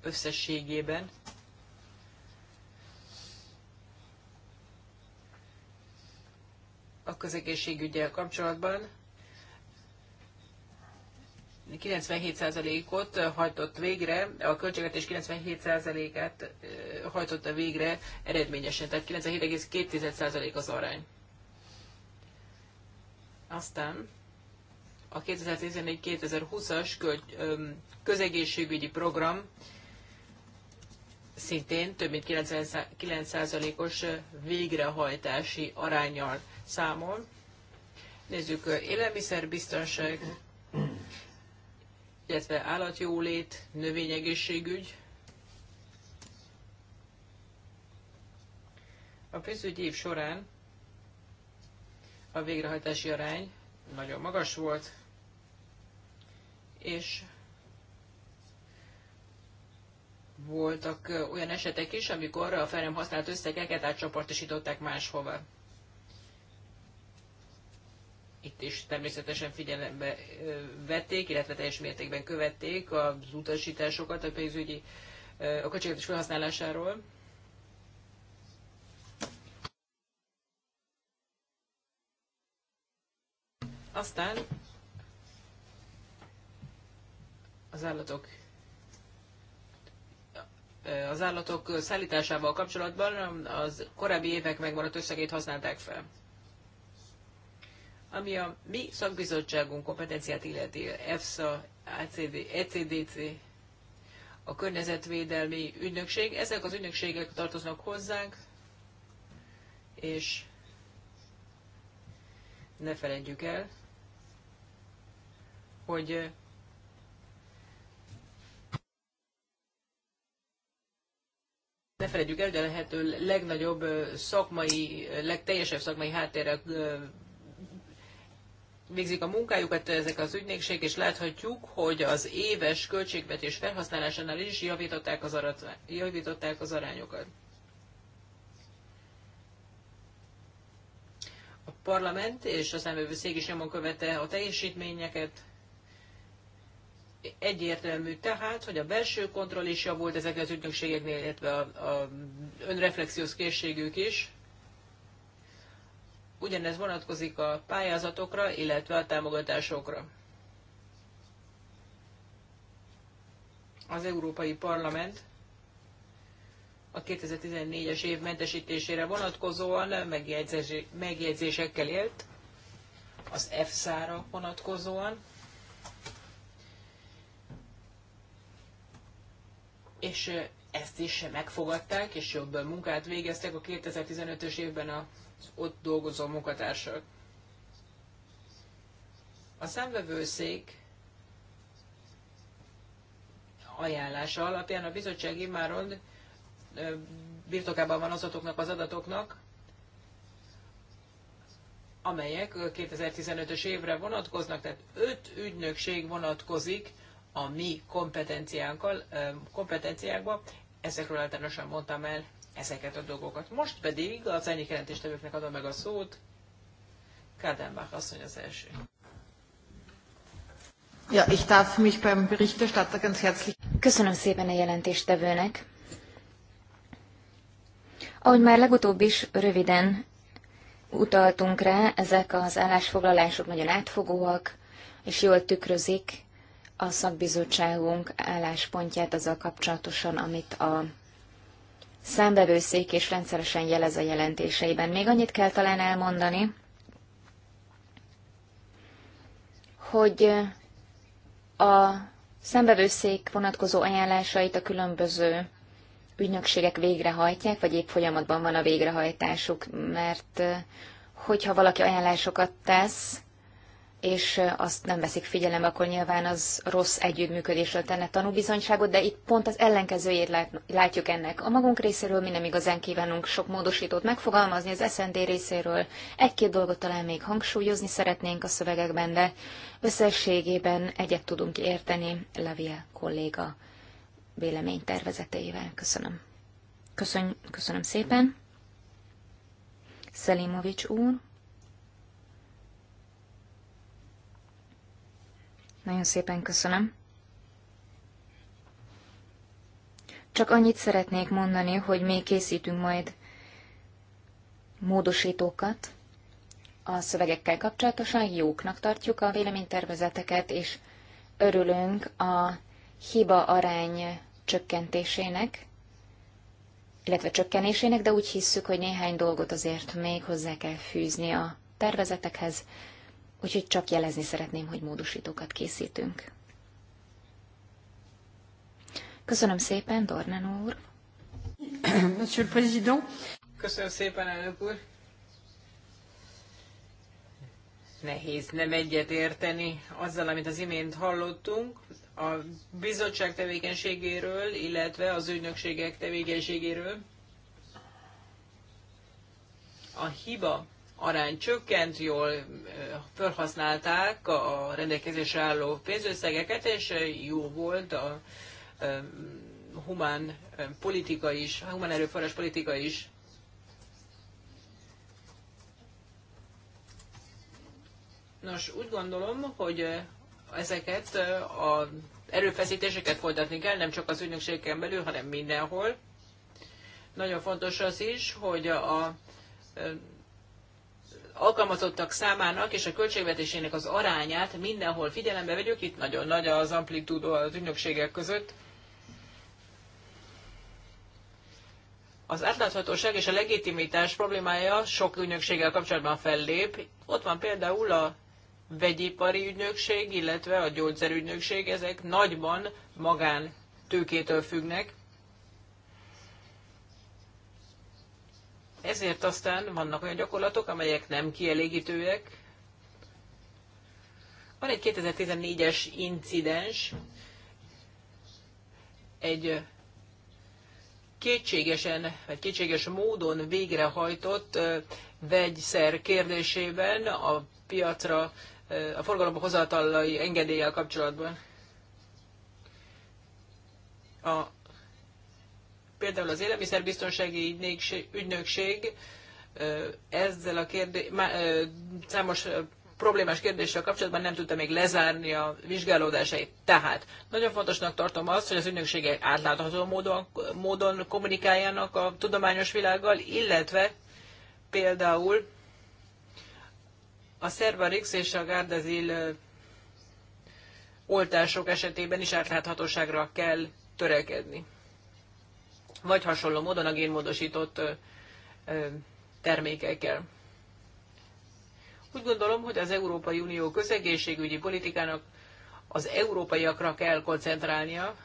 A: összességében. A közegészségügyel kapcsolatban 97%-ot hajtott végre, a költségvetés 97%-át eh, hajtotta végre eredményesen, tehát 97,2% az arány. Aztán a 2014-2020-as közegészségügyi program szintén több mint 9%-os végrehajtási arányjal számol. Nézzük élelmiszerbiztonság, illetve állatjólét, növényegészségügy. A pénzügyi év során a végrehajtási arány nagyon magas volt, és voltak olyan esetek is, amikor a fel nem használt összegeket átcsoportosították máshova. Itt is természetesen figyelembe vették, illetve teljes mértékben követték az utasításokat a pénzügyi a is felhasználásáról. Aztán az állatok az állatok szállításával kapcsolatban az korábbi évek megmaradt összegét használták fel. Ami a mi szakbizottságunk kompetenciát illeti, EFSA, ACD, ECDC, a környezetvédelmi ügynökség, ezek az ügynökségek tartoznak hozzánk, és ne felejtjük el, hogy ne felejtjük el, de lehető legnagyobb szakmai, legteljesebb szakmai háttérrel végzik a munkájukat ezek az ügynökség, és láthatjuk, hogy az éves költségvetés felhasználásánál is javították az, arat, javították az arányokat. A parlament és a számövőszék is nyomon követte a teljesítményeket, Egyértelmű tehát, hogy a belső kontroll is javult ezeknél az ügynökségeknél, illetve a, a önreflexiós készségük is. Ugyanez vonatkozik a pályázatokra, illetve a támogatásokra. Az Európai Parlament a 2014-es év mentesítésére vonatkozóan megjegyzésekkel élt, az EFSA-ra vonatkozóan, és ezt is megfogadták, és jobb munkát végeztek a 2015-ös évben az ott dolgozó munkatársak. A szemvevőszék ajánlása alapján a bizottság immáron birtokában van azoknak az adatoknak, amelyek 2015-ös évre vonatkoznak, tehát öt ügynökség vonatkozik a mi kompetenciánkkal, kompetenciákba. Ezekről általánosan mondtam el ezeket a dolgokat. Most pedig az enyik jelentéstevőknek adom meg a szót. Kádenbach asszony az első.
B: Ja, ich
C: darf mich beim Berichterstatter ganz herzlich... Köszönöm szépen a jelentéstevőnek. Ahogy már legutóbb is röviden utaltunk rá, ezek az állásfoglalások nagyon átfogóak, és jól tükrözik a szakbizottságunk álláspontját azzal kapcsolatosan, amit a számbevőszék és rendszeresen jelez a jelentéseiben. Még annyit kell talán elmondani, hogy a számbevőszék vonatkozó ajánlásait a különböző ügynökségek végrehajtják, vagy épp folyamatban van a végrehajtásuk, mert eh, hogyha valaki ajánlásokat tesz, és azt nem veszik figyelembe, akkor nyilván az rossz együttműködésről tenne tanúbizonyságot, de itt pont az ellenkezőjét lát, látjuk ennek. A magunk részéről mi nem igazán kívánunk sok módosítót megfogalmazni, az SND részéről egy-két dolgot talán még hangsúlyozni szeretnénk a szövegekben, de összességében egyet tudunk érteni Levia kolléga tervezetével. Köszönöm. Köszön, köszönöm szépen. Szelimovics úr. Nagyon szépen köszönöm. Csak annyit szeretnék mondani, hogy még készítünk majd módosítókat a szövegekkel kapcsolatosan. Jóknak tartjuk a véleménytervezeteket, és örülünk a hiba arány csökkentésének, illetve csökkenésének, de úgy hisszük, hogy néhány dolgot azért még hozzá kell fűzni a tervezetekhez. Úgyhogy csak jelezni szeretném, hogy módosítókat készítünk. Köszönöm szépen, Dornan úr. Monsieur le Président.
A: Köszönöm szépen, elnök úr. Nehéz nem egyet érteni azzal, amit az imént hallottunk, a bizottság tevékenységéről, illetve az ügynökségek tevékenységéről. A hiba arány csökkent, jól felhasználták a rendelkezésre álló pénzösszegeket, és jó volt a humán politika is, a humán erőforrás politika is. Nos, úgy gondolom, hogy ezeket az erőfeszítéseket folytatni kell, nem csak az ügynökségeken belül, hanem mindenhol. Nagyon fontos az is, hogy a alkalmazottak számának és a költségvetésének az arányát mindenhol figyelembe vegyük. Itt nagyon nagy az amplitúdó az ügynökségek között. Az átláthatóság és a legitimitás problémája sok ügynökséggel kapcsolatban fellép. Ott van például a vegyipari ügynökség, illetve a gyógyszerügynökség, ezek nagyban magán tőkétől függnek. Ezért aztán vannak olyan gyakorlatok, amelyek nem kielégítőek. Van egy 2014-es incidens, egy kétségesen, vagy kétséges módon végrehajtott vegyszer kérdésében a piacra, a forgalomba hozatalai engedéllyel kapcsolatban. A Például az Élelmiszerbiztonsági Ügynökség ezzel a kérdé- számos problémás kérdéssel kapcsolatban nem tudta még lezárni a vizsgálódásait. Tehát nagyon fontosnak tartom azt, hogy az ügynökségek átlátható módon, módon kommunikáljanak a tudományos világgal, illetve például a Cervarix és a Gardazil oltások esetében is átláthatóságra kell törekedni vagy hasonló módon a génmódosított termékekkel. Úgy gondolom, hogy az Európai Unió közegészségügyi politikának az európaiakra kell koncentrálnia.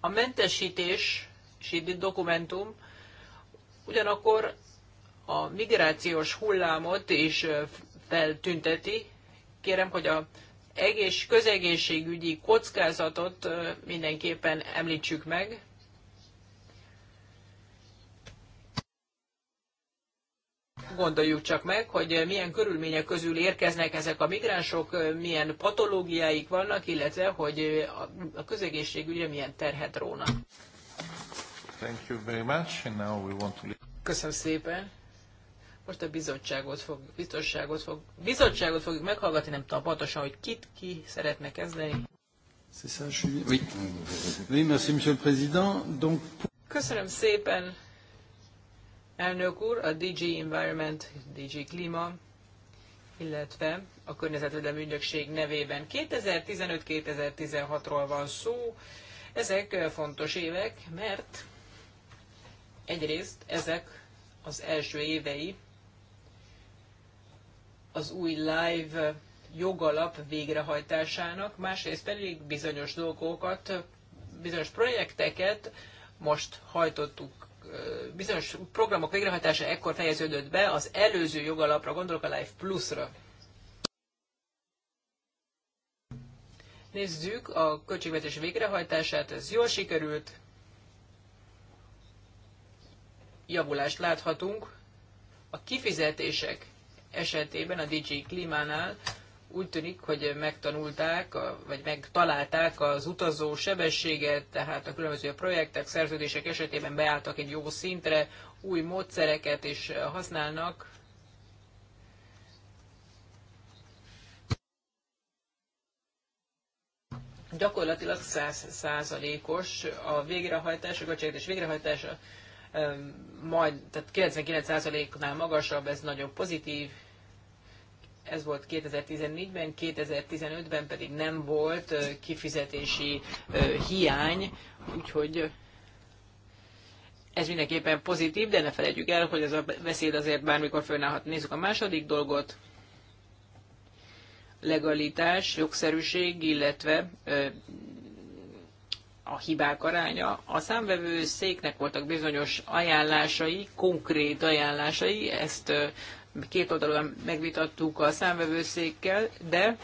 A: A mentesítés dokumentum ugyanakkor a migrációs hullámot is feltünteti. Kérem, hogy a egész közegészségügyi kockázatot mindenképpen említsük meg. Gondoljuk csak meg, hogy eh, milyen körülmények közül érkeznek ezek a migránsok, eh, milyen patológiáik vannak, illetve hogy eh, a közegészségügyre milyen terhet rónak.
B: Thank you very much, and now we want to...
A: Köszönöm szépen. Most a bizottságot, fog, bizottságot, fog, bizottságot fogjuk meghallgatni, nem tudom pontosan, hogy kit ki szeretne kezdeni. Köszönöm szépen. Elnök úr, a DG Environment, DG Klima, illetve a Környezetvédelmi Ügynökség nevében 2015-2016-ról van szó. Ezek fontos évek, mert egyrészt ezek az első évei az új live jogalap végrehajtásának, másrészt pedig bizonyos dolgokat, bizonyos projekteket most hajtottuk bizonyos programok végrehajtása ekkor fejeződött be, az előző jogalapra gondolok, a Life Plus-ra. Nézzük a költségvetés végrehajtását, ez jól sikerült, javulást láthatunk. A kifizetések esetében a DJ Klímánál úgy tűnik, hogy megtanulták, vagy megtalálták az utazó sebességet, tehát a különböző projektek, szerződések esetében beálltak egy jó szintre, új módszereket is eh, használnak. Gyakorlatilag 100%-os a végrehajtás, a költségvetés végrehajtása, majd, tehát 99%-nál magasabb, ez nagyon pozitív, ez volt 2014-ben, 2015-ben pedig nem volt kifizetési hiány, úgyhogy ez mindenképpen pozitív, de ne felejtjük el, hogy ez a veszély azért bármikor fönnállhat. Nézzük a második dolgot. Legalitás, jogszerűség, illetve a hibák aránya. A számvevő széknek voltak bizonyos ajánlásai, konkrét ajánlásai, ezt két oldalon megvitattuk a számvevőszékkel, de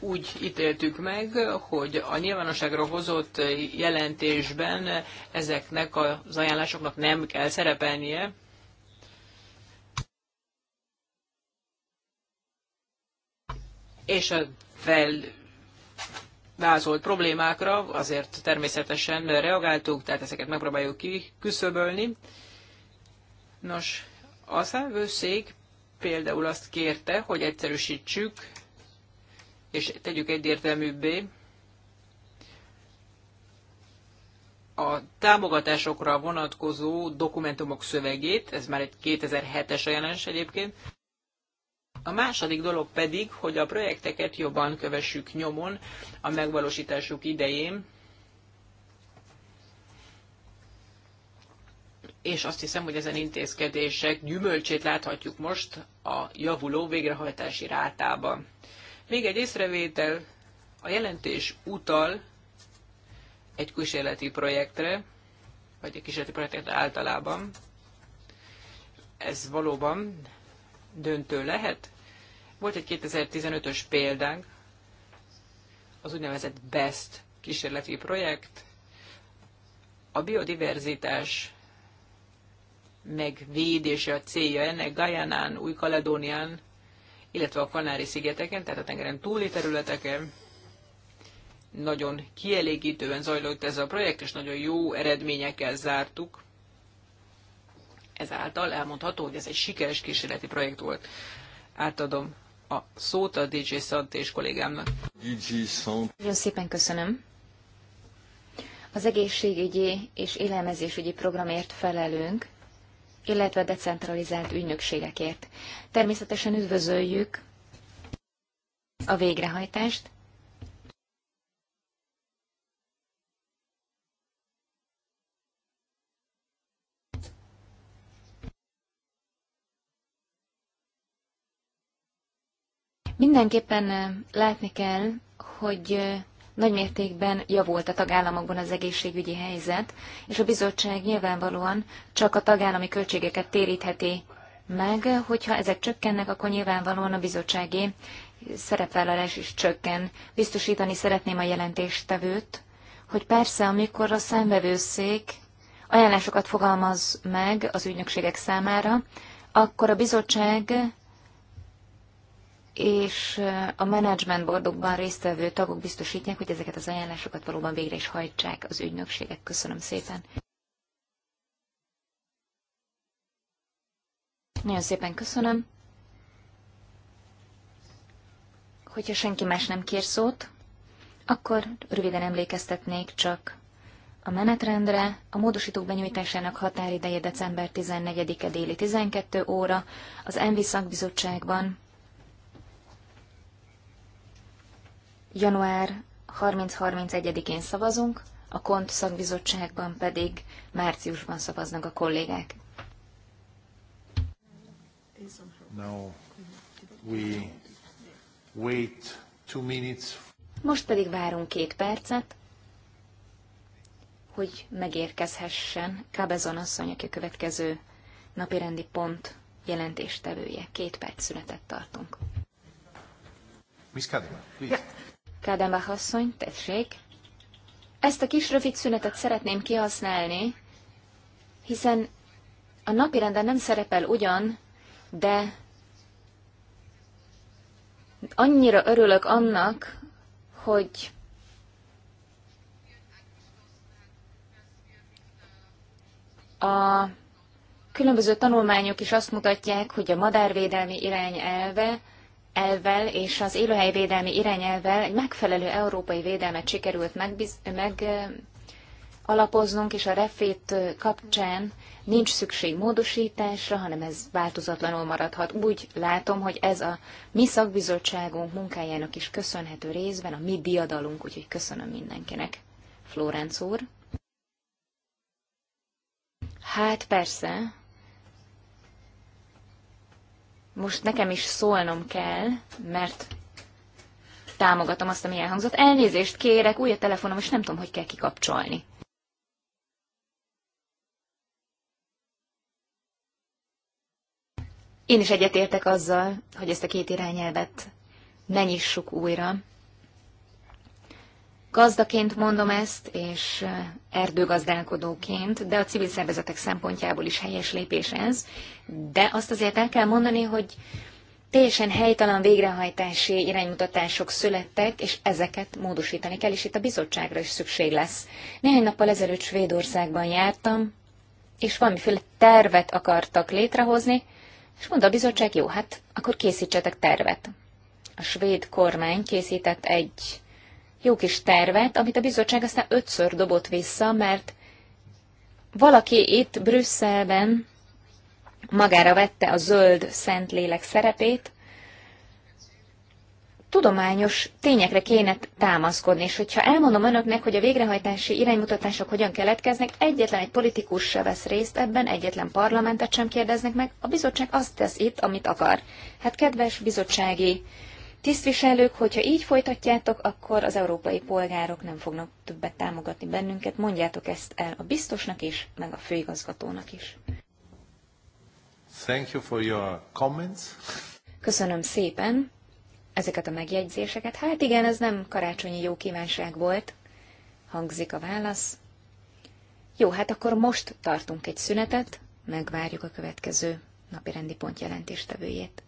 A: úgy ítéltük meg, hogy a nyilvánosságra hozott jelentésben ezeknek az ajánlásoknak nem kell szerepelnie. És a felvázolt problémákra azért természetesen reagáltuk, tehát ezeket megpróbáljuk kiküszöbölni. Nos, a számvőszék például azt kérte, hogy egyszerűsítsük, és tegyük egyértelműbbé a támogatásokra vonatkozó dokumentumok szövegét, ez már egy 2007-es jelens egyébként. A második dolog pedig, hogy a projekteket jobban kövessük nyomon a megvalósításuk idején, és azt hiszem, hogy ezen intézkedések gyümölcsét láthatjuk most a javuló végrehajtási rátában. Még egy észrevétel, a jelentés utal egy kísérleti projektre, vagy egy kísérleti projektre általában. Ez valóban döntő lehet. Volt egy 2015-ös példánk, az úgynevezett BEST kísérleti projekt. A biodiverzitás megvédése a célja ennek Gajanán, Új-Kaledónián, illetve a Kanári-szigeteken, tehát a tengeren túli területeken. Nagyon kielégítően zajlott ez a projekt, és nagyon jó eredményekkel zártuk. Ezáltal elmondható, hogy ez egy sikeres kísérleti projekt volt. Átadom a szót a DJ Sant és kollégámnak. DJ Sant.
C: Nagyon szépen köszönöm. Az egészségügyi és élelmezésügyi programért felelünk, illetve decentralizált ügynökségekért. Természetesen üdvözöljük a végrehajtást, Mindenképpen eh, látni kell, hogy eh, nagymértékben javult a tagállamokban az egészségügyi helyzet, és a bizottság nyilvánvalóan csak a tagállami költségeket térítheti meg, hogyha ezek csökkennek, akkor nyilvánvalóan a bizottsági szerepvállalás is csökken. Biztosítani szeretném a jelentéstevőt, hogy persze, amikor a szemvevőszék ajánlásokat fogalmaz meg az ügynökségek számára, akkor a bizottság és eh, a management boardokban résztvevő tagok biztosítják, hogy ezeket az ajánlásokat valóban végre is hajtsák az ügynökségek. Köszönöm szépen. Nagyon szépen köszönöm. Hogyha senki más nem kér szót, akkor röviden emlékeztetnék csak a menetrendre, a módosítók benyújtásának határideje december 14-e déli 12 óra, az ENVI szakbizottságban január 30-31-én szavazunk, a KONT szakbizottságban pedig márciusban szavaznak a kollégák.
A: Now we wait two minutes.
C: Most pedig várunk két percet, hogy megérkezhessen Kábezon asszony, aki a következő napirendi pont jelentéstevője. Két perc szünetet tartunk. Miss Kadima, please. Yeah. Kádemba asszony, tessék. Ezt a kis rövid szünetet szeretném kihasználni, hiszen a napirenden nem szerepel ugyan, de annyira örülök annak, hogy a különböző tanulmányok is azt mutatják, hogy a madárvédelmi irányelve elvvel és az élőhelyvédelmi irányelvvel egy megfelelő európai védelmet sikerült megbiz- meg alapoznunk, és a refét kapcsán nincs szükség módosításra, hanem ez változatlanul maradhat. Úgy látom, hogy ez a mi szakbizottságunk munkájának is köszönhető részben, a mi diadalunk, úgyhogy köszönöm mindenkinek. Florenc úr. Hát persze, most nekem is szólnom kell, mert támogatom azt, ami elhangzott. Elnézést kérek, új a telefonom, és nem tudom, hogy kell kikapcsolni. Én is egyetértek azzal, hogy ezt a két irányelvet ne nyissuk újra, Gazdaként mondom ezt, és erdőgazdálkodóként, de a civil szervezetek szempontjából is helyes lépés ez. De azt azért el kell mondani, hogy teljesen helytalan végrehajtási iránymutatások születtek, és ezeket módosítani kell, és itt a bizottságra is szükség lesz. Néhány nappal ezelőtt Svédországban jártam, és valamiféle tervet akartak létrehozni, és mondta a bizottság, jó, hát akkor készítsetek tervet. A svéd kormány készített egy jó kis tervet, amit a bizottság aztán ötször dobott vissza, mert valaki itt Brüsszelben magára vette a zöld szentlélek szerepét, tudományos tényekre kéne támaszkodni, és hogyha elmondom önöknek, hogy a végrehajtási iránymutatások hogyan keletkeznek, egyetlen egy politikus se vesz részt ebben, egyetlen parlamentet sem kérdeznek meg, a bizottság azt tesz itt, amit akar. Hát kedves bizottsági Tisztviselők, hogyha így folytatjátok, akkor az európai polgárok nem fognak többet támogatni bennünket. Mondjátok ezt el a biztosnak is, meg a főigazgatónak is.
A: Thank you for your comments.
C: Köszönöm szépen ezeket a megjegyzéseket. Hát igen, ez nem karácsonyi jó kívánság volt, hangzik a válasz. Jó, hát akkor most tartunk egy szünetet, megvárjuk a következő rendi pont jelentéstevőjét.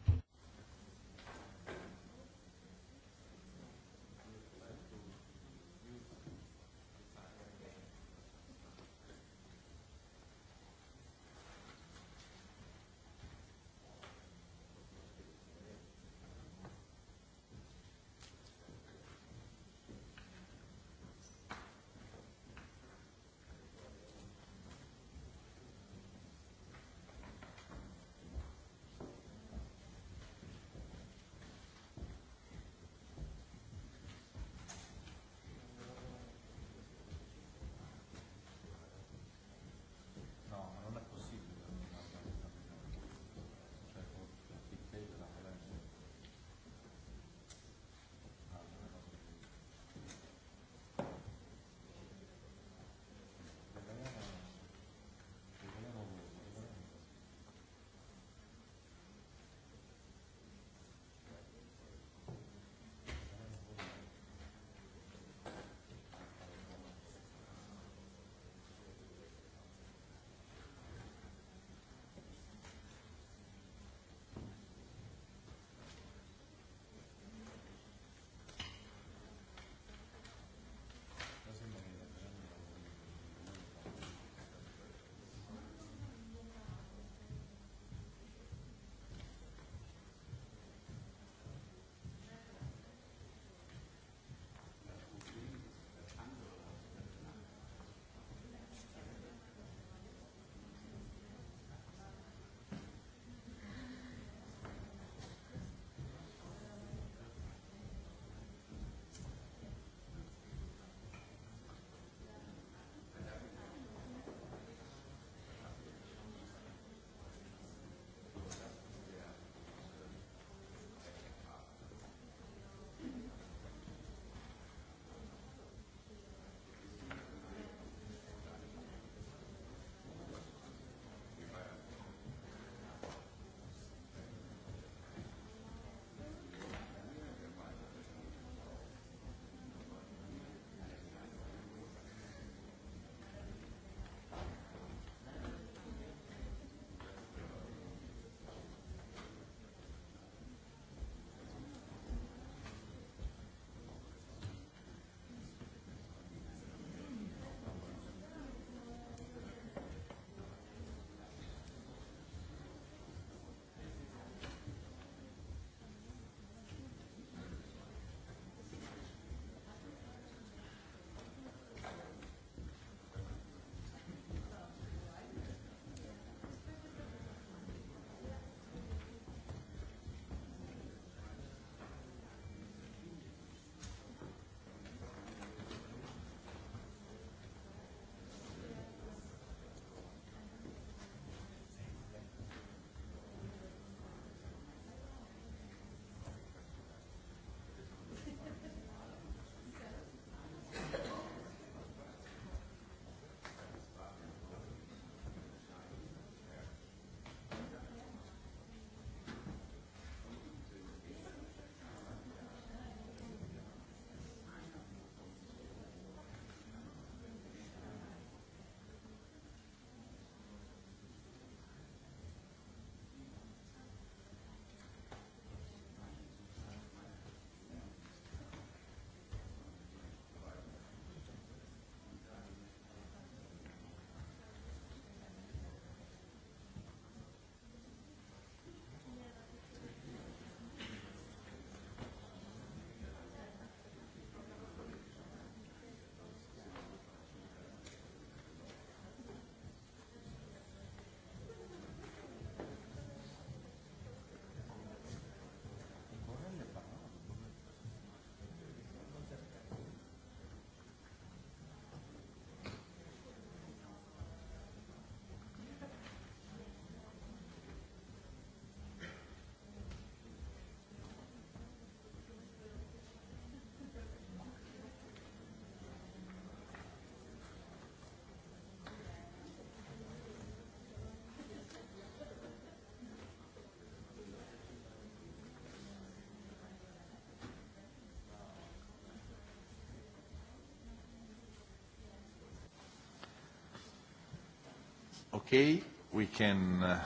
A: Okay, we can uh,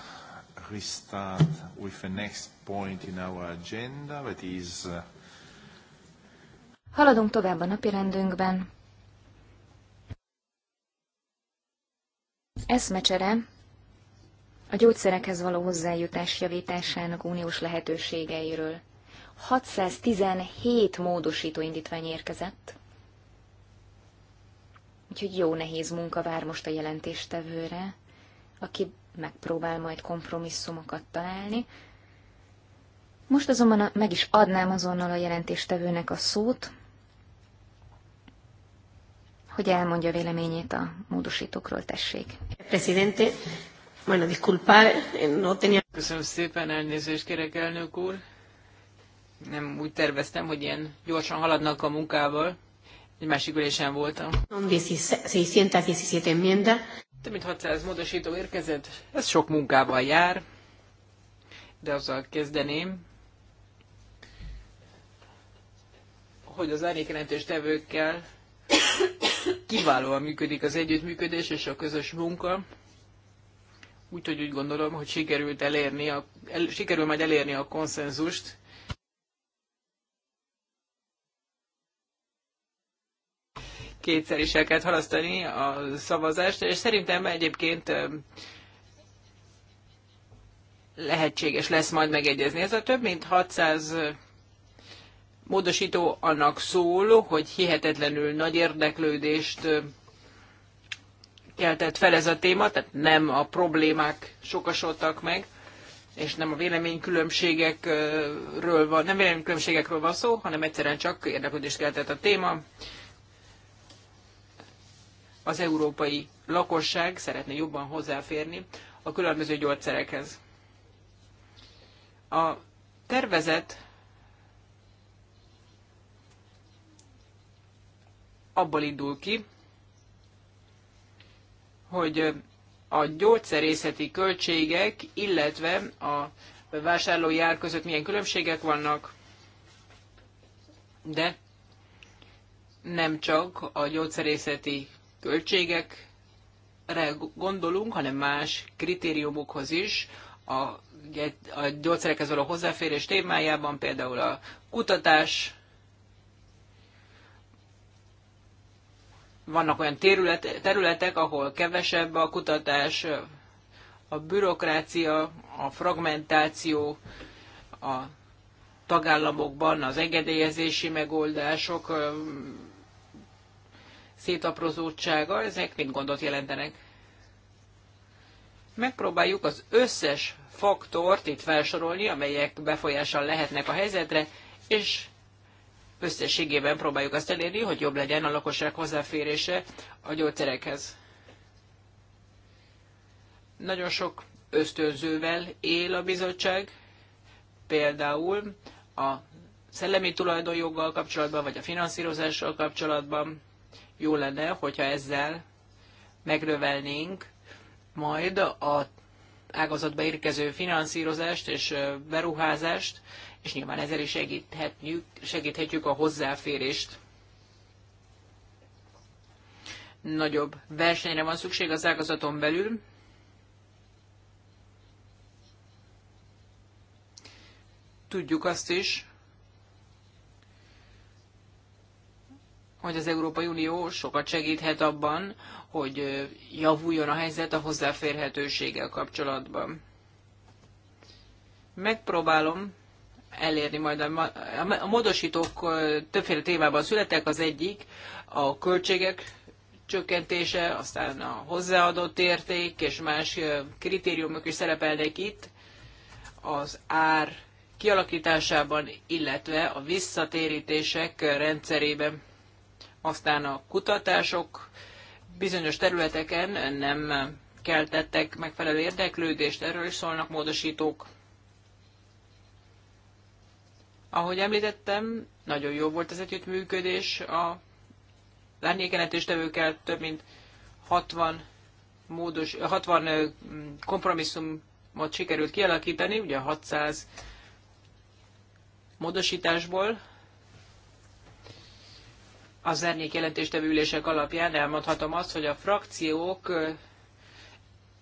A: restart with the next point in our agenda, that is... Uh,
C: Haladunk tovább a napirendünkben. Eszmecsere a gyógyszerekhez való hozzájutás javításának uniós lehetőségeiről. 617 módosító indítvány érkezett. Úgyhogy jó nehéz munka vár most a jelentéstevőre aki megpróbál majd kompromisszumokat találni. Most azonban meg is adnám azonnal a jelentéstevőnek a szót, hogy elmondja véleményét a módosítókról, tessék. Presidente, bueno, disculpar, no
B: tenía...
A: Köszönöm szépen, elnézést kérek, elnök úr. Nem úgy terveztem, hogy ilyen gyorsan haladnak a munkával. Egy másik ülésen voltam.
C: 617 enmienda.
A: Több mint 600 módosító érkezett, ez sok munkával jár, de azzal kezdeném, hogy az árnyékelentős tevőkkel kiválóan működik az együttműködés és a közös munka. Úgyhogy úgy gondolom, hogy sikerült elérni a, el, sikerül majd elérni a konszenzust kétszer is el kellett halasztani a szavazást, és szerintem egyébként lehetséges lesz majd megegyezni. Ez a több mint 600 módosító annak szól, hogy hihetetlenül nagy érdeklődést keltett fel ez a téma, tehát nem a problémák sokasodtak meg, és nem a véleménykülönbségekről van, nem véleménykülönbségekről van szó, hanem egyszerűen csak érdeklődést keltett a téma, az európai lakosság szeretne jobban hozzáférni a különböző gyógyszerekhez. A tervezet abból indul ki, hogy a gyógyszerészeti költségek, illetve a vásárlói ár között milyen különbségek vannak, de nem csak a gyógyszerészeti költségekre gondolunk, hanem más kritériumokhoz is, a, a gyógyszerekhez való hozzáférés témájában, például a kutatás, vannak olyan terület, területek, ahol kevesebb a kutatás, a bürokrácia, a fragmentáció, a tagállamokban az engedélyezési megoldások szétaprózódtsága, ezek mind gondot jelentenek. Megpróbáljuk az összes faktort itt felsorolni, amelyek befolyással lehetnek a helyzetre, és összességében próbáljuk azt elérni, hogy jobb legyen a lakosság hozzáférése a gyógyszerekhez. Nagyon sok ösztönzővel él a bizottság, például a szellemi tulajdonjoggal kapcsolatban, vagy a finanszírozással kapcsolatban, jó lenne, hogyha ezzel megrövelnénk majd a ágazatba érkező finanszírozást és beruházást, és nyilván ezzel is segíthetjük, segíthetjük a hozzáférést. Nagyobb versenyre van szükség az ágazaton belül. Tudjuk azt is, hogy az Európai Unió sokat segíthet abban, hogy javuljon a helyzet a hozzáférhetőséggel kapcsolatban. Megpróbálom elérni majd a, a módosítók többféle témában születek, az egyik a költségek csökkentése, aztán a hozzáadott érték és más kritériumok is szerepelnek itt, az ár kialakításában, illetve a visszatérítések rendszerében. Aztán a kutatások bizonyos területeken nem keltettek megfelelő érdeklődést, erről is szólnak módosítók. Ahogy említettem, nagyon jó volt az együttműködés a tevőkkel több mint 60, módos, 60 kompromisszumot sikerült kialakítani, ugye 600 módosításból, az árnyék jelentéstevő ülések alapján elmondhatom azt, hogy a frakciók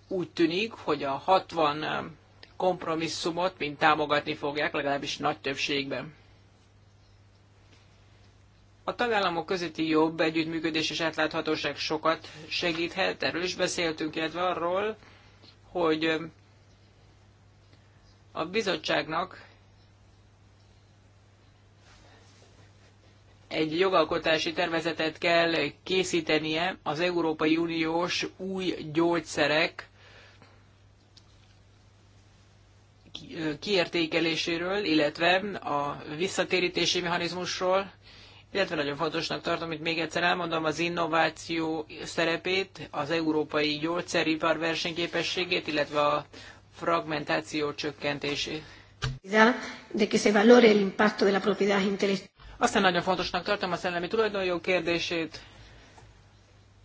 A: úgy tűnik, hogy a 60 kompromisszumot mind támogatni fogják, legalábbis nagy többségben. A tagállamok közötti jobb együttműködés és átláthatóság sokat segíthet, erről is beszéltünk, illetve arról, hogy a bizottságnak egy jogalkotási tervezetet kell készítenie az Európai Uniós új gyógyszerek kiértékeléséről, illetve a visszatérítési mechanizmusról, illetve nagyon fontosnak tartom, hogy még egyszer elmondom az innováció szerepét, az európai gyógyszeripar versenyképességét, illetve a fragmentáció csökkentését.
C: De que se valore el impacto de la propiedad intelectual.
A: Aztán nagyon fontosnak tartom a szellemi tulajdonjog kérdését.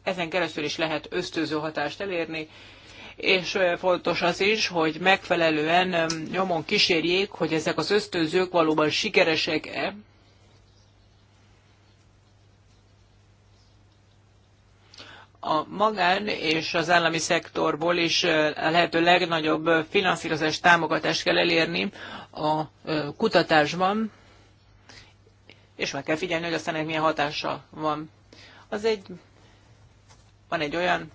A: Ezen keresztül is lehet ösztöző hatást elérni, és fontos az is, hogy megfelelően nyomon kísérjék, hogy ezek az ösztönzők valóban sikeresek-e, a magán és az állami szektorból is a lehető legnagyobb finanszírozás támogatást kell elérni a kutatásban és meg kell figyelni, hogy aztán milyen hatása van. Az egy, van egy olyan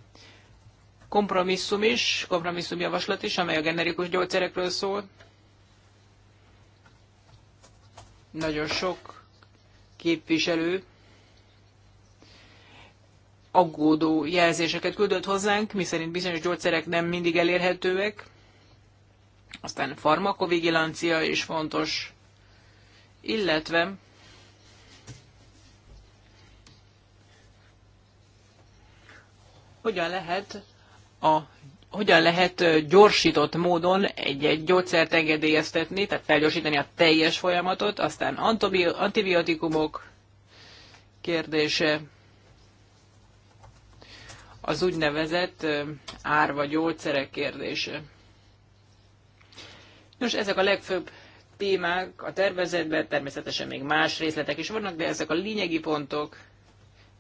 A: kompromisszum is, kompromisszumjavaslat is, amely a generikus gyógyszerekről szól. Nagyon sok képviselő aggódó jelzéseket küldött hozzánk, miszerint bizonyos gyógyszerek nem mindig elérhetőek. Aztán farmakovigilancia is fontos, illetve hogyan lehet a hogyan lehet gyorsított módon egy-egy gyógyszert engedélyeztetni, tehát felgyorsítani a teljes folyamatot, aztán antibiotikumok kérdése, az úgynevezett árva gyógyszerek kérdése. Nos, ezek a legfőbb témák a tervezetben, természetesen még más részletek is vannak, de ezek a lényegi pontok,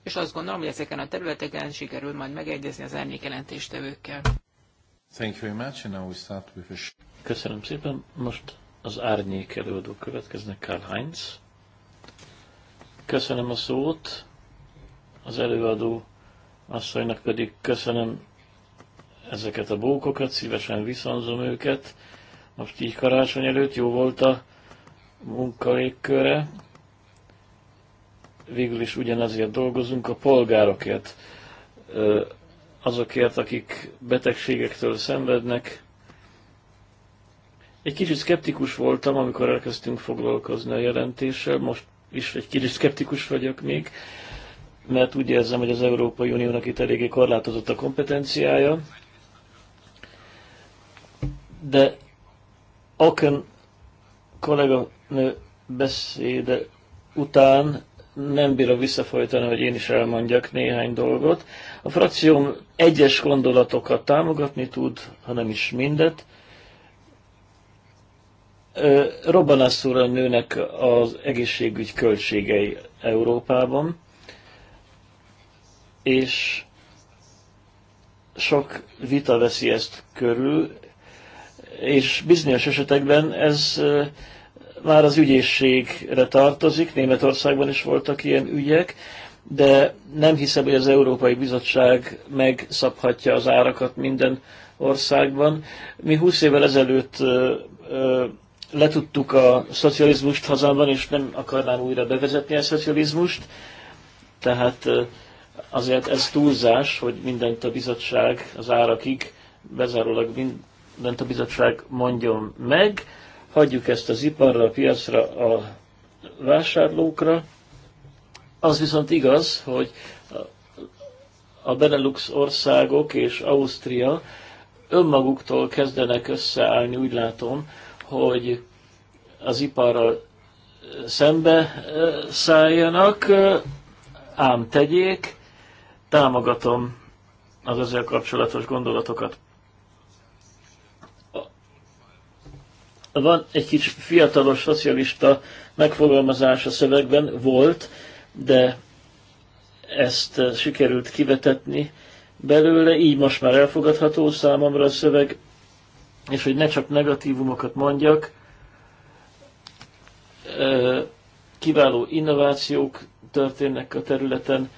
A: és azt gondolom, hogy ezeken a területeken sikerül majd megegyezni az árnyék jelentéstevőkkel.
B: Köszönöm szépen. Most az árnyék előadók következnek, Karl Heinz. Köszönöm a szót. Az előadó asszonynak pedig köszönöm ezeket a bókokat, szívesen viszonzom őket. Most így karácsony előtt jó volt a munkalékköre végül is ugyanazért dolgozunk, a polgárokért, azokért, akik betegségektől szenvednek. Egy kicsit szkeptikus voltam, amikor elkezdtünk foglalkozni a jelentéssel, most is egy kicsit szkeptikus vagyok még, mert úgy érzem, hogy az Európai Uniónak itt eléggé korlátozott a kompetenciája. De Aken kolléganő beszéde után nem bírom visszafolytani, hogy én is elmondjak néhány dolgot. A frakcióm egyes gondolatokat támogatni tud, hanem is mindet. Robbanászúra nőnek az egészségügy költségei Európában, és sok vita veszi ezt körül, és bizonyos esetekben ez már az ügyészségre tartozik, Németországban is voltak ilyen ügyek, de nem hiszem, hogy az Európai Bizottság megszabhatja az árakat minden országban. Mi 20 évvel ezelőtt ö, ö, letudtuk a szocializmust hazánban és nem akarnám újra bevezetni a szocializmust, tehát ö, azért ez túlzás, hogy mindent a bizottság az árakig, bezárólag mindent a bizottság mondjon meg hagyjuk ezt az iparra, a piacra, a vásárlókra. Az viszont igaz, hogy a Benelux országok és Ausztria önmaguktól kezdenek összeállni, úgy látom, hogy az iparral szembe szálljanak, ám tegyék, támogatom az ezzel kapcsolatos gondolatokat. Van egy kicsi fiatalos szocialista megfogalmazás a szövegben, volt, de ezt eh, sikerült kivetetni belőle, így most már elfogadható számomra a szöveg, és hogy ne csak negatívumokat mondjak, eh, kiváló innovációk történnek a területen,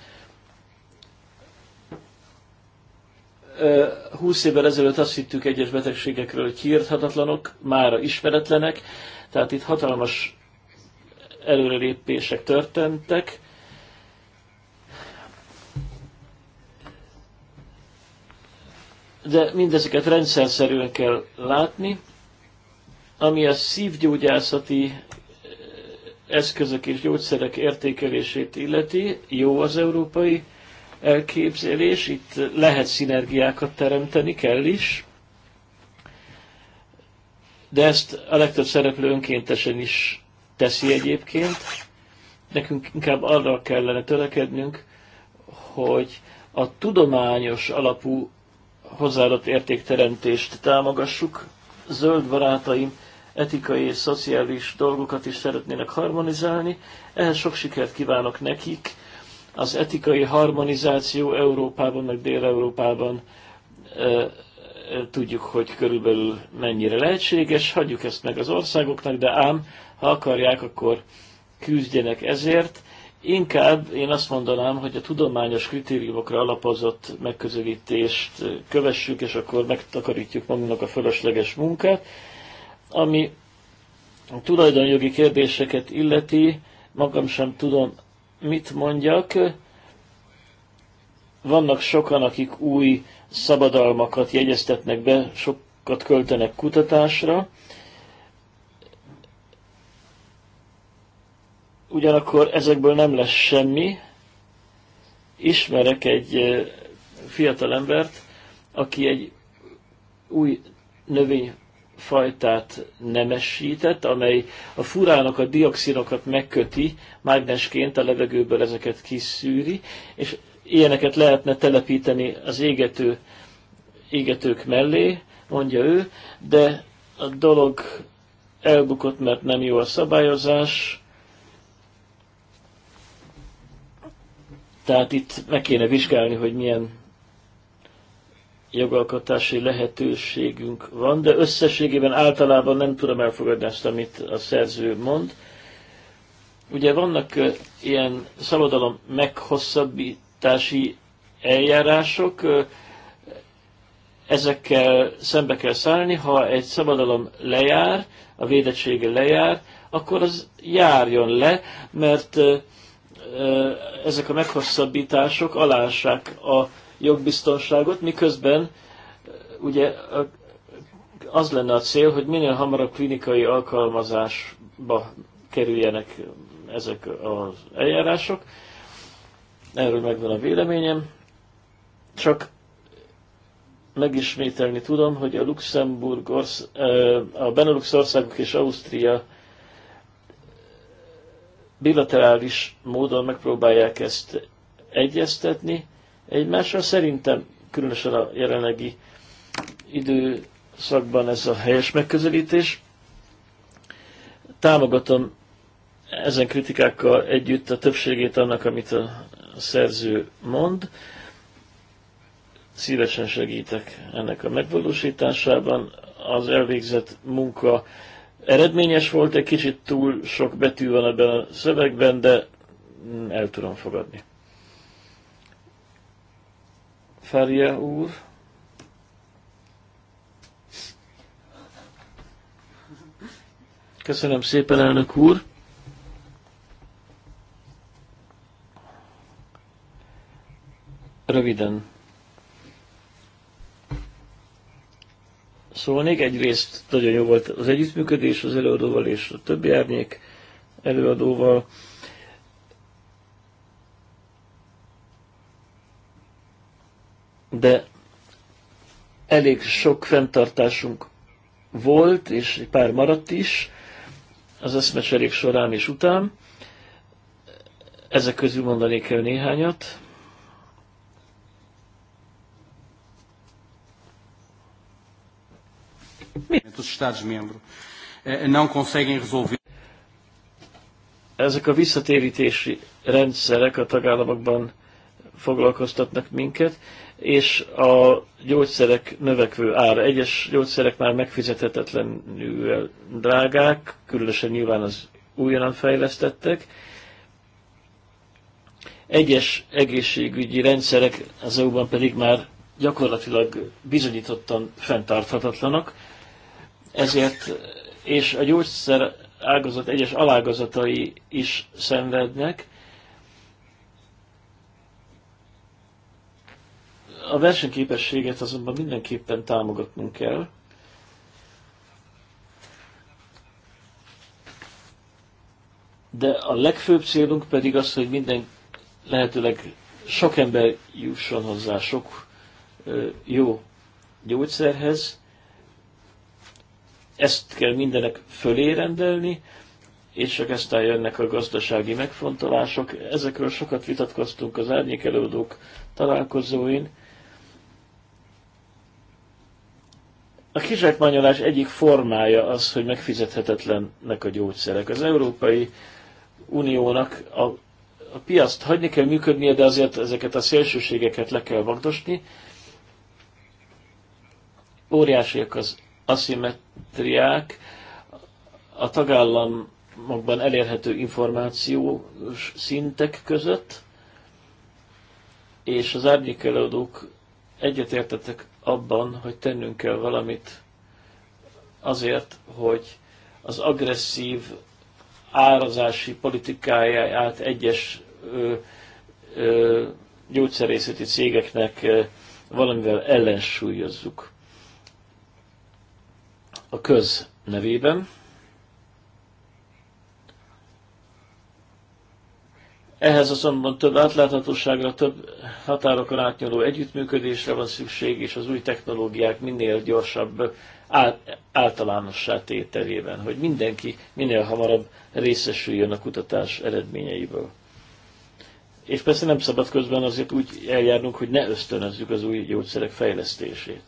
B: húsz évvel ezelőtt azt hittük egyes betegségekről, hogy kiirthatatlanok, mára ismeretlenek, tehát itt hatalmas előrelépések történtek. De mindezeket rendszer szerűen kell látni. Ami a szívgyógyászati eszközök és gyógyszerek értékelését illeti, jó az európai elképzelés, itt lehet szinergiákat teremteni, kell is, de ezt a legtöbb szereplő önkéntesen is teszi egyébként. Nekünk inkább arra kellene törekednünk, hogy a tudományos alapú hozzáadott értékteremtést támogassuk. Zöld barátaim etikai és szociális dolgokat is szeretnének harmonizálni. Ehhez sok sikert kívánok nekik, az etikai harmonizáció Európában, meg Dél-Európában e, tudjuk, hogy körülbelül mennyire lehetséges, hagyjuk ezt meg az országoknak, de ám, ha akarják, akkor küzdjenek ezért. Inkább én azt mondanám, hogy a tudományos kritériumokra alapozott megközelítést kövessük, és akkor megtakarítjuk magunknak a fölösleges munkát. Ami a tulajdonjogi kérdéseket illeti, magam sem tudom mit mondjak. Vannak sokan, akik új szabadalmakat jegyeztetnek be, sokat költenek kutatásra. Ugyanakkor ezekből nem lesz semmi. Ismerek egy fiatal embert, aki egy új növény fajtát nemesített, amely a furának a dioxinokat megköti, mágnesként a levegőből ezeket kiszűri, és ilyeneket lehetne telepíteni az égető, égetők mellé, mondja ő, de a dolog elbukott, mert nem jó a szabályozás, tehát itt meg kéne vizsgálni, hogy milyen jogalkotási lehetőségünk van, de összességében általában nem tudom elfogadni azt, amit a szerző mond. Ugye vannak ilyen szabadalom meghosszabbítási eljárások, ezekkel szembe kell szállni, ha egy szabadalom lejár, a védettsége lejár, akkor az járjon le, mert ezek a meghosszabbítások alássák a jogbiztonságot, miközben eh, ugye az lenne a cél, hogy minél hamarabb klinikai alkalmazásba kerüljenek ezek az eljárások. Erről megvan a véleményem. Csak megismételni tudom, hogy a Luxemburg, orsz, eh, a Benelux országok és Ausztria bilaterális módon megpróbálják ezt egyeztetni, egymással. Szerintem különösen a jelenlegi időszakban ez a helyes megközelítés. Támogatom ezen kritikákkal együtt a többségét annak, amit a szerző mond. Szívesen segítek ennek a megvalósításában. Az elvégzett munka eredményes volt, egy kicsit túl sok betű van ebben a szövegben, de el tudom fogadni. Ferje úr. Köszönöm szépen, elnök úr. Röviden még Egyrészt nagyon jó volt az együttműködés az előadóval és a többi árnyék előadóval de elég sok fenntartásunk volt, és pár maradt is az eszmecserék során és után. Ezek közül mondanék el néhányat. Ezek a visszatérítési rendszerek a tagállamokban foglalkoztatnak minket és a gyógyszerek növekvő ára. Egyes gyógyszerek már megfizethetetlenül drágák, különösen nyilván az újonnan fejlesztettek. Egyes egészségügyi rendszerek az EU-ban pedig már gyakorlatilag bizonyítottan fenntarthatatlanak, ezért és a gyógyszer ágazat egyes alágazatai is szenvednek, A versenyképességet azonban mindenképpen támogatnunk kell. De a legfőbb célunk pedig az, hogy minden lehetőleg sok ember jusson hozzá sok jó gyógyszerhez. Ezt kell mindenek fölé rendelni, és csak aztán jönnek a gazdasági megfontolások. Ezekről sokat vitatkoztunk az árnyékelődők találkozóin, A kizsákmányolás egyik formája az, hogy megfizethetetlennek a gyógyszerek. Az Európai Uniónak a, a piaszt hagyni kell működnie, de azért ezeket a szélsőségeket le kell vagdosni. Óriásiak az aszimetriák, a tagállamokban elérhető információs szintek között, és az árnyékelődők egyetértettek abban, hogy tennünk kell valamit azért, hogy az agresszív árazási politikáját egyes ö, ö, gyógyszerészeti cégeknek ö, valamivel ellensúlyozzuk a köz nevében. Ehhez azonban több átláthatóságra, több határokon átnyúló együttműködésre van szükség, és az új technológiák minél gyorsabb általánossá tételében, hogy mindenki minél hamarabb részesüljön a kutatás eredményeiből. És persze nem szabad közben azért úgy eljárnunk, hogy ne ösztönözzük az új gyógyszerek fejlesztését.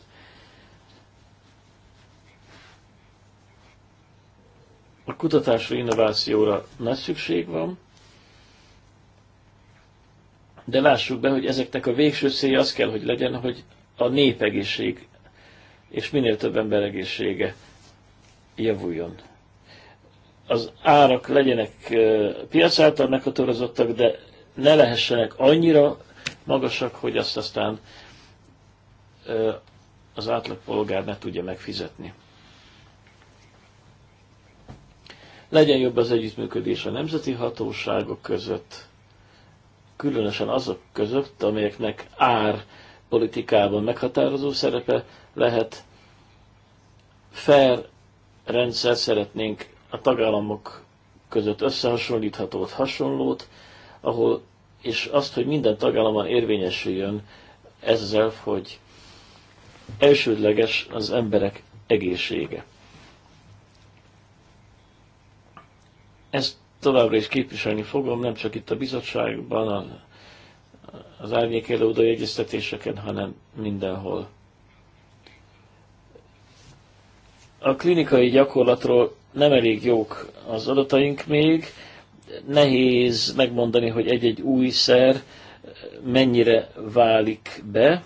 B: A kutatásra, innovációra nagy szükség van, de lássuk be, hogy ezeknek a végső célja az kell, hogy legyen, hogy a népegészség és minél több ember egészsége javuljon. Az árak legyenek piac által meghatározottak, de ne lehessenek annyira magasak, hogy azt aztán az átlagpolgár ne tudja megfizetni. Legyen jobb az együttműködés a nemzeti hatóságok között, különösen azok között, amelyeknek ár politikában meghatározó szerepe lehet. Fair rendszer szeretnénk a tagállamok között összehasonlíthatót, hasonlót, ahol, és azt, hogy minden tagállamban érvényesüljön ez hogy elsődleges az emberek egészsége. Ezt továbbra is képviselni fogom, nem csak itt a bizottságban, a, az árnyék előadó egyeztetéseken, hanem mindenhol. A klinikai gyakorlatról nem elég jók az adataink még, nehéz megmondani, hogy egy-egy új szer mennyire válik be.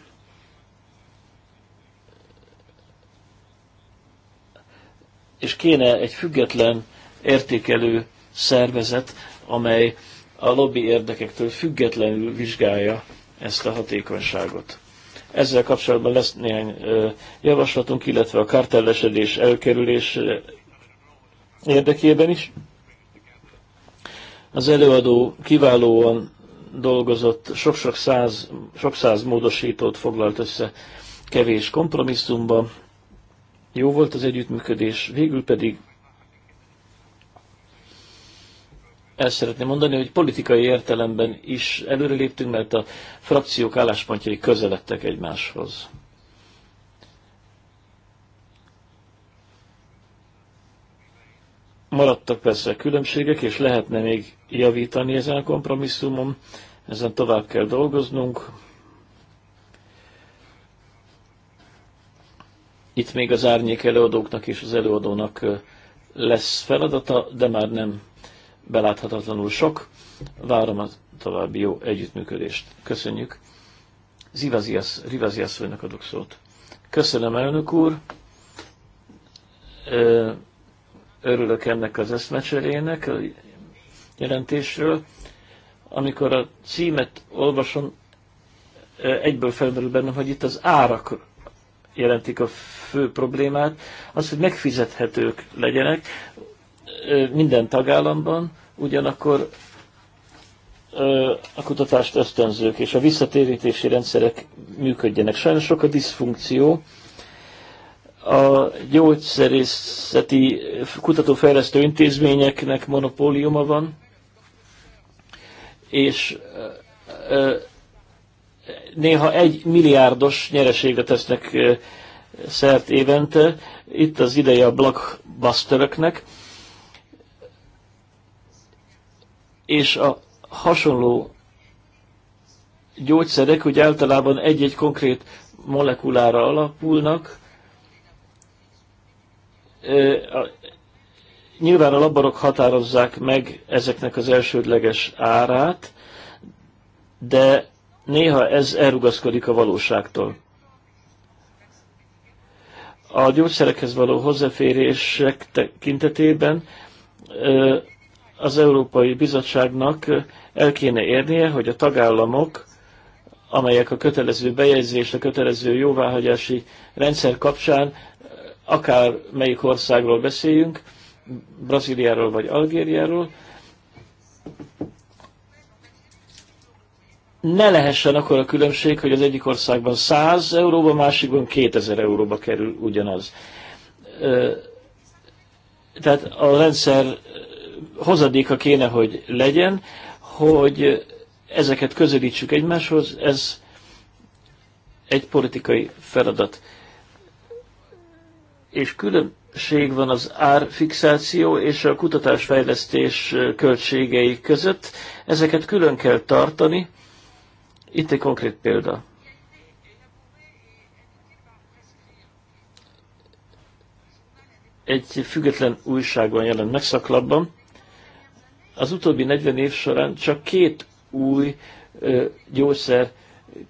B: És kéne egy független értékelő szervezet, amely a lobby érdekektől függetlenül vizsgálja ezt a hatékonyságot. Ezzel kapcsolatban lesz néhány javaslatunk, illetve a kártellesedés elkerülés érdekében is. Az előadó kiválóan dolgozott, sok-sok száz, sok száz módosítót foglalt össze kevés kompromisszumban. Jó volt az együttműködés, végül pedig ezt szeretném mondani, hogy politikai értelemben is előreléptünk, mert a frakciók álláspontjai közeledtek egymáshoz. Maradtak persze különbségek, és lehetne még javítani ezen a kompromisszumon, ezen tovább kell dolgoznunk. Itt még az árnyék előadóknak és az előadónak lesz feladata, de már nem beláthatatlanul sok. Várom a további jó együttműködést. Köszönjük. Zivaziasz, Rivaziasszonynak adok szót. Köszönöm, elnök úr. Örülök ennek az eszmecserének a jelentésről. Amikor a címet olvasom, egyből felmerül bennem, hogy itt az árak jelentik a fő problémát, az, hogy megfizethetők legyenek minden tagállamban, ugyanakkor a kutatást ösztönzők és a visszatérítési rendszerek működjenek. Sajnos sok a diszfunkció. A gyógyszerészeti kutatófejlesztő intézményeknek monopóliuma van, és néha egy milliárdos nyereségre tesznek szert évente. Itt az ideje a blockbusteröknek és a hasonló gyógyszerek hogy általában egy-egy konkrét molekulára alapulnak. Nyilván a laborok határozzák meg ezeknek az elsődleges árát, de néha ez elrugaszkodik a valóságtól. A gyógyszerekhez való hozzáférések tekintetében az Európai Bizottságnak el kéne érnie, hogy a tagállamok, amelyek a kötelező bejegyzés, a kötelező jóváhagyási rendszer kapcsán, akár melyik országról beszéljünk, Brazíliáról vagy Algériáról, ne lehessen akkor a különbség, hogy az egyik országban 100 euróba, másikban 2000 euróba kerül ugyanaz. Tehát a rendszer hozadéka kéne, hogy legyen, hogy ezeket közelítsük egymáshoz, ez egy politikai feladat. És különbség van az árfixáció és a kutatásfejlesztés költségei között. Ezeket külön kell tartani. Itt egy konkrét példa. Egy független újságban jelent megszaklapban. Az utóbbi 40 év során csak két új gyógyszer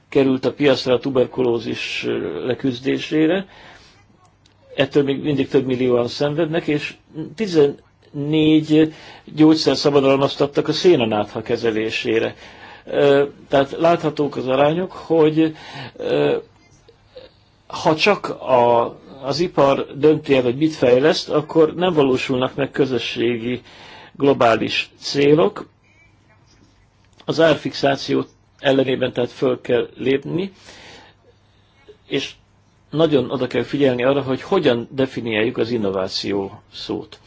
B: került a piacra a tuberkulózis leküzdésére. Ettől még mindig több millióan szenvednek, és 14 gyógyszer szabadalmaztattak a szénanátha kezelésére. Tehát láthatók az arányok, hogy ha csak a, az ipar dönti el, hogy mit fejleszt, akkor nem valósulnak meg közösségi globális célok. Az árfixáció ellenében tehát föl kell lépni, és nagyon oda kell figyelni arra, hogy hogyan definiáljuk az innováció szót.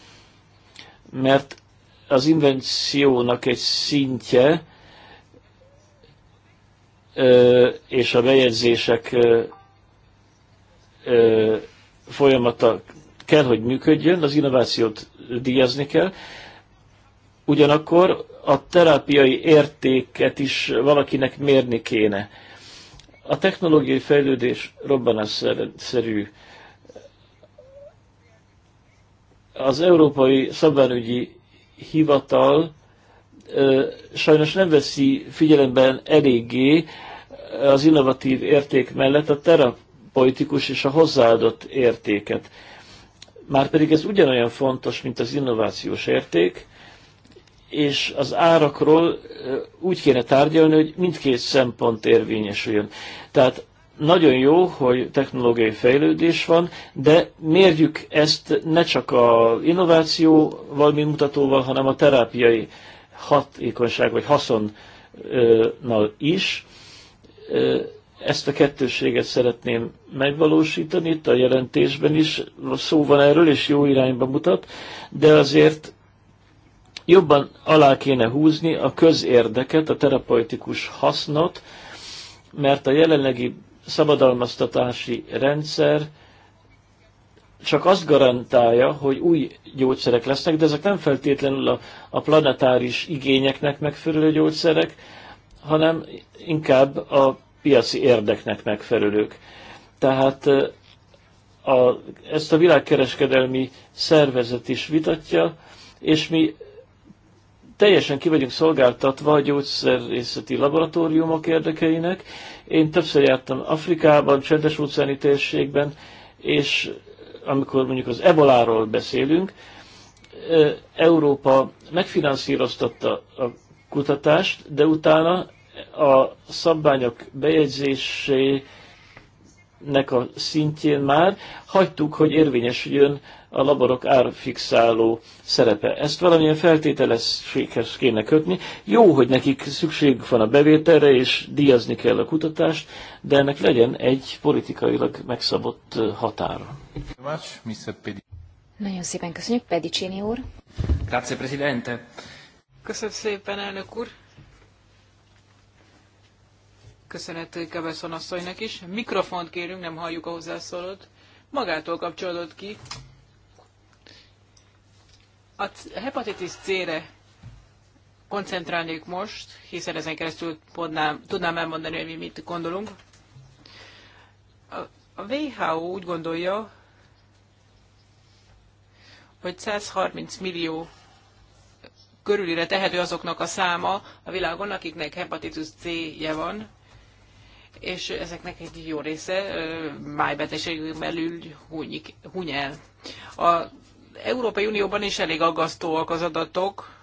B: Mert az invenciónak egy szintje és a bejegyzések folyamata kell, hogy működjön, az innovációt díjazni kell, Ugyanakkor a terápiai értéket is valakinek mérni kéne. A technológiai fejlődés robbanásszerű. Az Európai Szabványügyi Hivatal ö, sajnos nem veszi figyelemben eléggé az innovatív érték mellett a terapeutikus és a hozzáadott értéket. Márpedig ez ugyanolyan fontos, mint az innovációs érték, és az árakról úgy kéne tárgyalni, hogy mindkét szempont érvényesüljön. Tehát nagyon jó, hogy technológiai fejlődés van, de mérjük ezt ne csak a innovációval, valami mutatóval, hanem a terápiai hatékonyság vagy haszonnal is. Ezt a kettőséget szeretném megvalósítani, itt a jelentésben is szó van erről, és jó irányba mutat, de azért Jobban alá kéne húzni a közérdeket, a terapeutikus hasznot, mert a jelenlegi szabadalmaztatási rendszer csak azt garantálja, hogy új gyógyszerek lesznek, de ezek nem feltétlenül a, a planetáris igényeknek megfelelő gyógyszerek, hanem inkább a piaci érdeknek megfelelők. Tehát a, ezt a világkereskedelmi szervezet is vitatja, és mi teljesen ki vagyunk szolgáltatva a gyógyszerészeti laboratóriumok érdekeinek. Én többször jártam Afrikában, csendes óceáni térségben, és amikor mondjuk az Ebola-ról beszélünk, Európa megfinanszíroztatta a kutatást, de utána a szabványok bejegyzésének a szintjén már hagytuk, hogy érvényesüljön a laborok árfixáló szerepe. Ezt valamilyen feltételességhez kéne kötni. Jó, hogy nekik szükség van a bevételre, és díjazni kell a kutatást, de ennek legyen egy politikailag megszabott határa.
C: Nagyon szépen köszönjük, Pedicini úr.
B: Grazie, Presidente.
C: Köszönöm szépen, elnök úr.
A: Köszönet Kebeszon asszonynak is. Mikrofont kérünk, nem halljuk a hozzászólót. Magától kapcsolódott ki. A hepatitis C-re koncentrálnék most, hiszen ezen keresztül tudnám, tudnám elmondani, hogy mi mit gondolunk. A WHO úgy gondolja, hogy 130 millió körülire tehető azoknak a száma a világon, akiknek hepatitis C-je van, és ezeknek egy jó része májbetegségük belül hunyik, huny el. A Európai Unióban is elég aggasztóak az adatok.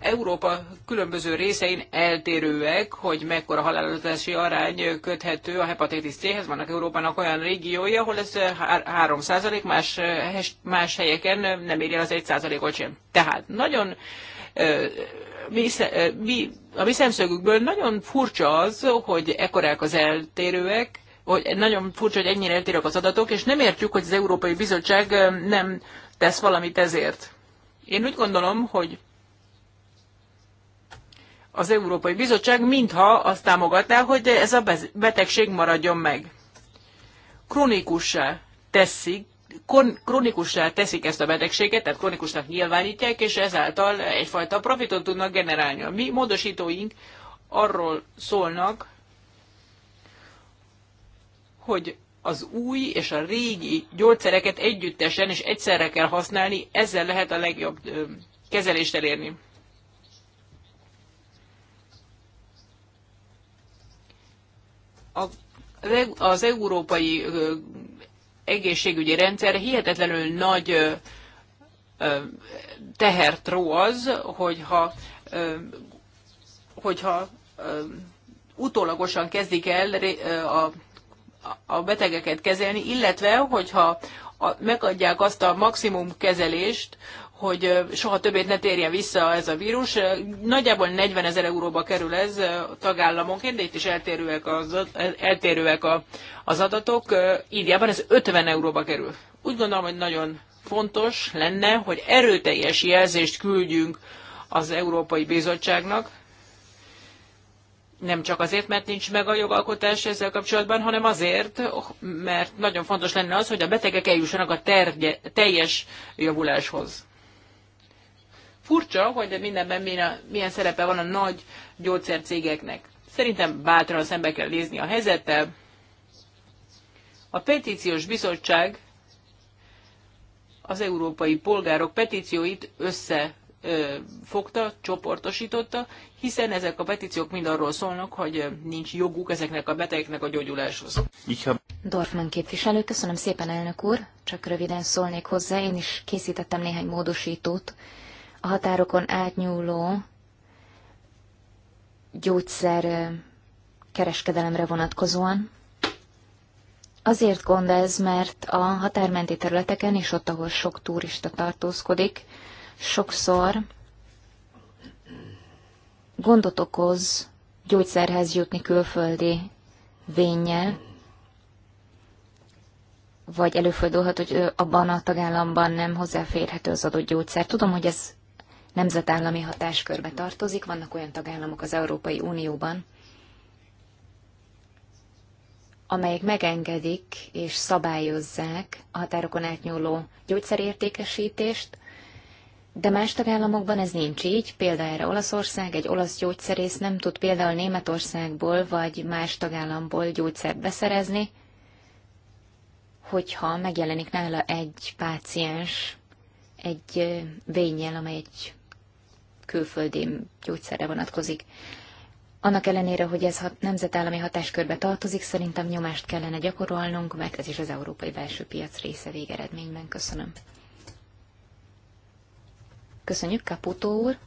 A: Európa különböző részein eltérőek, hogy mekkora halálozási arány köthető a hepatitis C-hez. Vannak Európának olyan régiói, ahol ez 3 százalék, más, más helyeken nem éri el az 1 százalékot sem. Tehát nagyon mi, mi a mi szemszögükből nagyon furcsa az, hogy ekkorák az eltérőek, hogy nagyon furcsa, hogy ennyire eltérők az adatok, és nem értjük, hogy az Európai Bizottság nem tesz valamit ezért. Én úgy gondolom, hogy az Európai Bizottság mintha azt támogatná, hogy ez a betegség maradjon meg. Krónikussá teszik kronikussá teszik ezt a betegséget, tehát kronikusnak nyilvánítják, és ezáltal egyfajta profitot tudnak generálni. A mi módosítóink arról szólnak, hogy az új és a régi gyógyszereket együttesen és egyszerre kell használni, ezzel lehet a legjobb kezelést elérni. A, az európai egészségügyi rendszer hihetetlenül nagy tehert ró az, hogyha, hogyha utólagosan kezdik el a, a betegeket kezelni, illetve hogyha megadják azt a maximum kezelést, hogy soha többet ne térjen vissza ez a vírus. Nagyjából 40 ezer euróba kerül ez a tagállamonként, de itt is eltérőek az, eltérőek az adatok. Indiában ez 50 euróba kerül. Úgy gondolom, hogy nagyon fontos lenne, hogy erőteljes jelzést küldjünk az Európai Bizottságnak, nem csak azért, mert nincs meg a jogalkotás ezzel kapcsolatban, hanem azért, oh, mert nagyon fontos lenne az, hogy a betegek eljussanak a terje, teljes javuláshoz furcsa, hogy mindenben milyen, milyen szerepe van a nagy gyógyszercégeknek. Szerintem bátran szembe kell nézni a helyzettel. A petíciós bizottság az európai polgárok petícióit összefogta, csoportosította, hiszen ezek a petíciók mind arról szólnak, hogy nincs joguk ezeknek a betegeknek a gyógyuláshoz.
C: Dorfman képviselő, köszönöm szépen elnök úr, csak röviden szólnék hozzá, én is készítettem néhány módosítót a határokon átnyúló gyógyszer kereskedelemre vonatkozóan. Azért gond ez, mert a határmenti területeken és ott, ahol sok turista tartózkodik, sokszor gondot okoz gyógyszerhez jutni külföldi vénnyel, vagy előfordulhat, hogy abban a tagállamban nem hozzáférhető az adott gyógyszer. Tudom, hogy ez nemzetállami hatáskörbe tartozik, vannak olyan tagállamok az Európai Unióban, amelyek megengedik és szabályozzák a határokon átnyúló gyógyszerértékesítést, de más tagállamokban ez nincs így, például Olaszország, egy olasz gyógyszerész nem tud például Németországból vagy más tagállamból gyógyszert beszerezni, hogyha megjelenik nála egy páciens egy vényjel, amely egy külföldi gyógyszerre vonatkozik. Annak ellenére, hogy ez nemzetállami hatáskörbe tartozik, szerintem nyomást kellene gyakorolnunk, mert ez is az európai belső piac része végeredményben. Köszönöm. Köszönjük, Kaputó úr.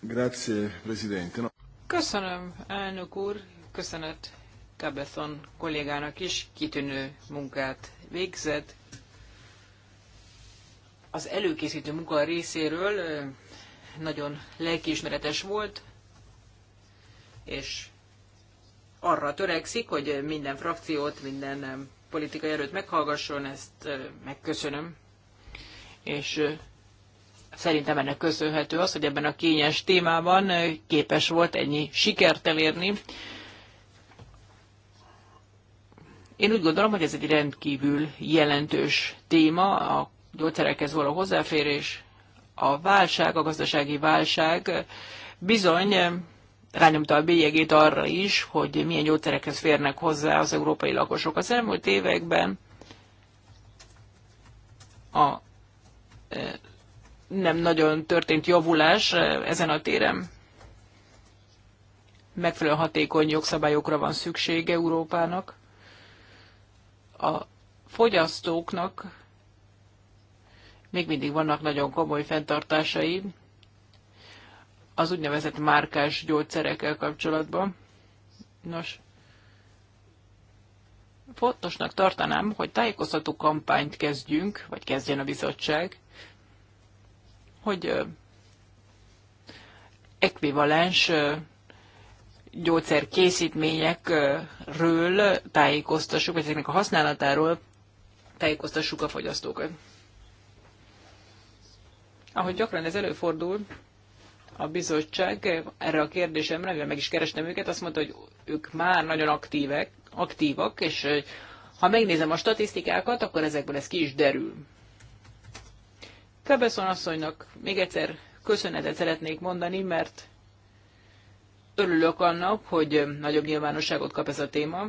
A: Grazie, Presidente. Köszönöm, elnök úr. Köszönet Cabezon kollégának is. Kitűnő munkát végzett az előkészítő munka részéről nagyon lelkiismeretes volt, és arra törekszik, hogy minden frakciót, minden politikai erőt meghallgasson, ezt megköszönöm. És szerintem ennek köszönhető az, hogy ebben a kényes témában képes volt ennyi sikert elérni. Én úgy gondolom, hogy ez egy rendkívül jelentős téma, a gyógyszerekhez való hozzáférés, a válság, a gazdasági válság bizony rányomta a bélyegét arra is, hogy milyen gyógyszerekhez férnek hozzá az európai lakosok. Az elmúlt években a e, nem nagyon történt javulás e, ezen a téren. Megfelelő hatékony jogszabályokra van szükség Európának. A fogyasztóknak még mindig vannak nagyon komoly fenntartásai az úgynevezett márkás gyógyszerekkel kapcsolatban. Nos, fontosnak tartanám, hogy tájékoztató kampányt kezdjünk, vagy kezdjen a bizottság, hogy ekvivalens gyógyszerkészítményekről tájékoztassuk, vagy ezeknek a használatáról tájékoztassuk a fogyasztókat ahogy gyakran ez előfordul, a bizottság erre a kérdésemre, mivel meg is kerestem őket, azt mondta, hogy ők már nagyon aktívek, aktívak, és ha megnézem a statisztikákat, akkor ezekből ez ki is derül. Kebeszon asszonynak még egyszer köszönetet szeretnék mondani, mert örülök annak, hogy nagyobb nyilvánosságot kap ez a téma,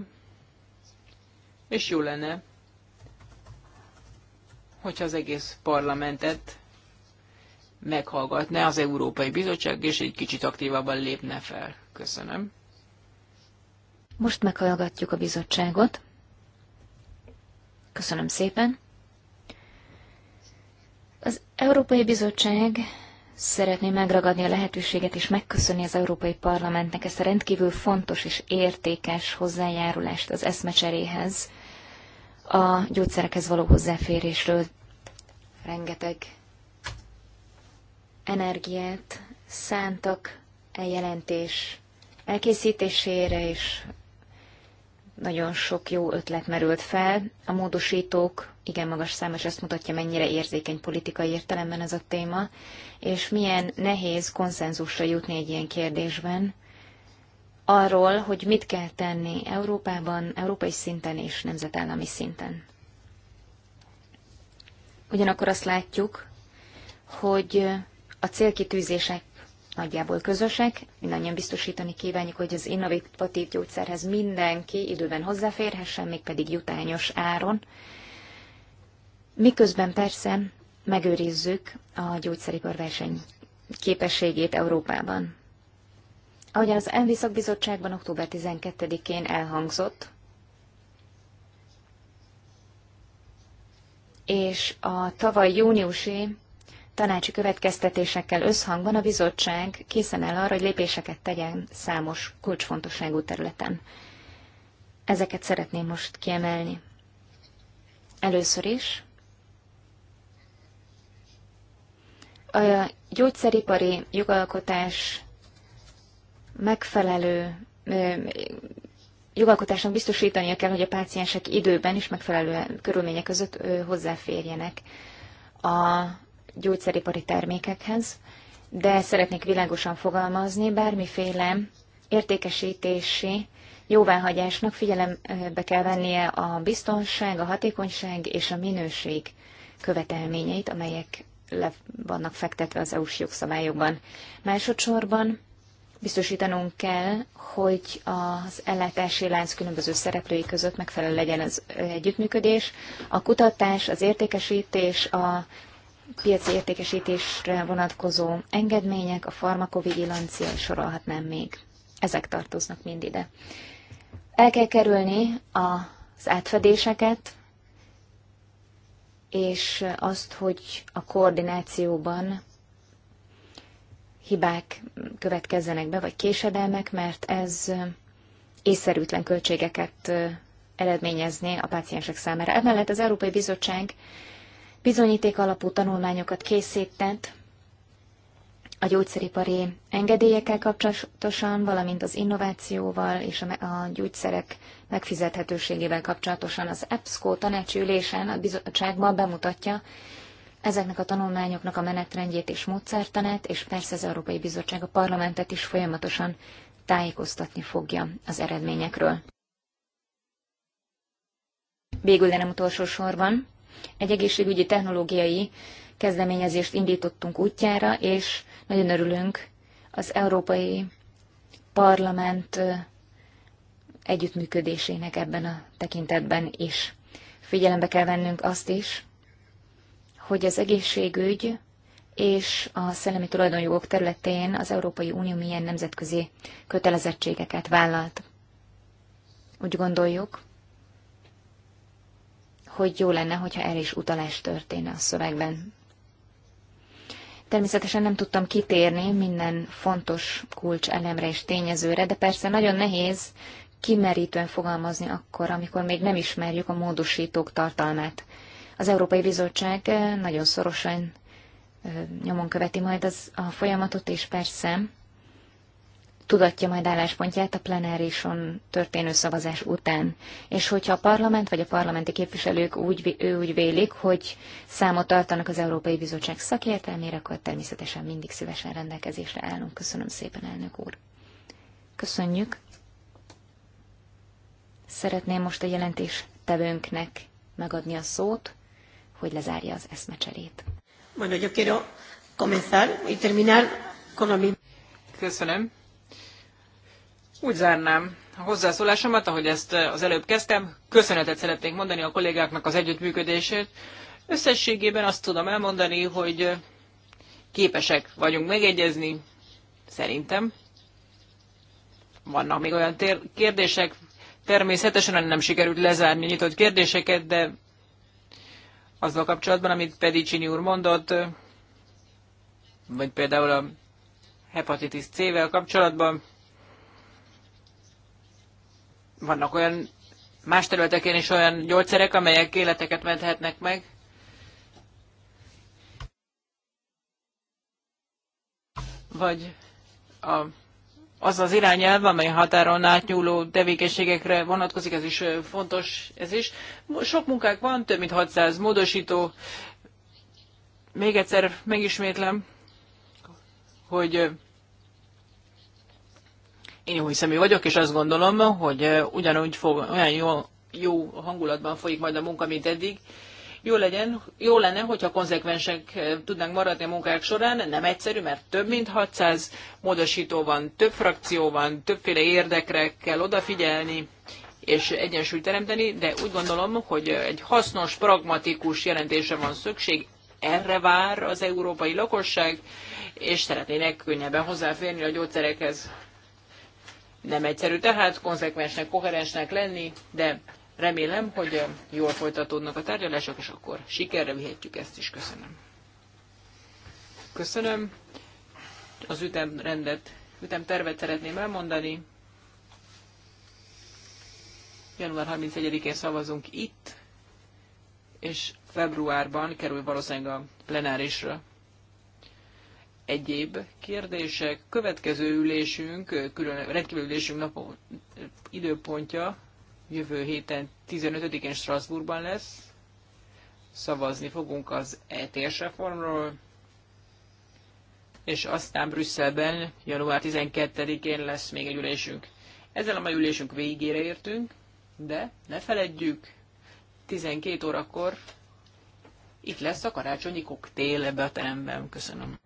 A: és jó lenne, hogyha az egész parlamentet meghallgatná az Európai Bizottság, és egy kicsit aktívabban lépne fel. Köszönöm.
C: Most meghallgatjuk a bizottságot. Köszönöm szépen. Az Európai Bizottság szeretné megragadni a lehetőséget és megköszönni az Európai Parlamentnek ezt a rendkívül fontos és értékes hozzájárulást az eszmecseréhez, a gyógyszerekhez való hozzáférésről rengeteg energiát szántak e jelentés elkészítésére, és nagyon sok jó ötlet merült fel. A módosítók igen magas szám, és azt mutatja, mennyire érzékeny politikai értelemben ez a téma, és milyen nehéz konszenzusra jutni egy ilyen kérdésben, arról, hogy mit kell tenni Európában, európai szinten és nemzetállami szinten. Ugyanakkor azt látjuk, hogy a célkitűzések nagyjából közösek, mindannyian biztosítani kívánjuk, hogy az innovatív gyógyszerhez mindenki időben hozzáférhessen, mégpedig jutányos áron. Miközben persze megőrizzük a gyógyszeripar verseny képességét Európában. Ahogyan az ENVI szakbizottságban október 12-én elhangzott, és a tavaly júniusi tanácsi következtetésekkel összhangban a bizottság készen áll arra, hogy lépéseket tegyen számos kulcsfontosságú területen. Ezeket szeretném most kiemelni. Először is a gyógyszeripari jogalkotás megfelelő jogalkotásnak biztosítania kell, hogy a páciensek időben és megfelelő körülmények között hozzáférjenek a gyógyszeripari termékekhez, de szeretnék világosan fogalmazni, bármiféle értékesítési jóváhagyásnak figyelembe kell vennie a biztonság, a hatékonyság és a minőség követelményeit, amelyek le vannak fektetve az EU-s jogszabályokban. Másodszorban biztosítanunk kell, hogy az ellátási lánc különböző szereplői között megfelelő legyen az együttműködés. A kutatás, az értékesítés, a piaci értékesítésre vonatkozó engedmények, a farmakovigilancia, sorolhatnám még. Ezek tartoznak mind ide. El kell kerülni az átfedéseket, és azt, hogy a koordinációban hibák következzenek be, vagy késedelmek, mert ez észszerűtlen költségeket eredményezné a páciensek számára. Emellett az Európai Bizottság bizonyíték alapú tanulmányokat készített a gyógyszeripari engedélyekkel kapcsolatosan, valamint az innovációval és a gyógyszerek megfizethetőségével kapcsolatosan az EBSCO tanácsülésen a bizottságban bemutatja ezeknek a tanulmányoknak a menetrendjét és módszertanát, és persze az Európai Bizottság a parlamentet is folyamatosan tájékoztatni fogja az eredményekről. Végül, de nem utolsó sorban, egy egészségügyi technológiai kezdeményezést indítottunk útjára, és nagyon örülünk az Európai Parlament együttműködésének ebben a tekintetben is. Figyelembe kell vennünk azt is, hogy az egészségügy és a szellemi tulajdonjogok területén az Európai Unió milyen nemzetközi kötelezettségeket vállalt. Úgy gondoljuk, hogy jó lenne, hogyha el is utalás történne a szövegben. Természetesen nem tudtam kitérni minden fontos kulcs elemre és tényezőre, de persze nagyon nehéz kimerítően fogalmazni akkor, amikor még nem ismerjük a módosítók tartalmát. Az Európai Bizottság eh, nagyon szorosan eh, nyomon követi majd az, a folyamatot, és persze tudatja majd álláspontját a plenárison történő szavazás után. És hogyha a parlament vagy a parlamenti képviselők úgy, ő úgy vélik, hogy számot tartanak az Európai Bizottság szakértelmére, akkor természetesen mindig szívesen rendelkezésre állunk. Köszönöm szépen, elnök úr. Köszönjük. Szeretném most a jelentés tevőnknek megadni a szót, hogy lezárja az eszmecserét.
A: Bueno, yo quiero comenzar y terminar con lo mismo. Köszönöm úgy zárnám a hozzászólásomat, ahogy ezt eh, az előbb kezdtem. Köszönetet szeretnék mondani a kollégáknak az együttműködésért. Összességében azt tudom elmondani, hogy eh, képesek vagyunk megegyezni, szerintem. Vannak még olyan kérdések, természetesen nem sikerült lezárni nyitott kérdéseket, de azzal kapcsolatban, amit Pedicini úr mondott, eh, vagy például a hepatitis C-vel kapcsolatban, vannak olyan más területeken is olyan gyógyszerek, amelyek életeket menthetnek meg. Vagy a, az az irányelv, amely határon átnyúló tevékenységekre vonatkozik, ez is fontos, ez is. Sok munkák van, több mint 600 módosító. Még egyszer megismétlem, hogy én jó személy vagyok, és azt gondolom, hogy ugyanúgy fog, olyan jó, jó hangulatban folyik majd a munka, mint eddig. Jó, legyen, jó lenne, hogyha konzekvensek tudnánk maradni a munkák során, nem egyszerű, mert több mint 600 módosító van, több frakció van, többféle érdekre kell odafigyelni, és egyensúlyt teremteni, de úgy gondolom, hogy egy hasznos, pragmatikus jelentése van szükség, erre vár az európai lakosság, és szeretnének könnyebben hozzáférni a gyógyszerekhez. Nem egyszerű tehát konzekvensnek, koherensnek lenni, de remélem, hogy jól folytatódnak a tárgyalások, és akkor sikerre vihetjük ezt is. Köszönöm. Köszönöm. Az ütemrendet, ütemtervet szeretném elmondani. Január 31-én szavazunk itt, és februárban kerül valószínűleg a plenárisra egyéb kérdések. Következő ülésünk, külön, rendkívül ülésünk napon, időpontja jövő héten 15-én Strasbourgban lesz. Szavazni fogunk az ETS reformról, és aztán Brüsszelben január 12-én lesz még egy ülésünk. Ezzel a mai ülésünk végére értünk, de ne feledjük, 12 órakor itt lesz a karácsonyi koktél ebbe a teremben. Köszönöm.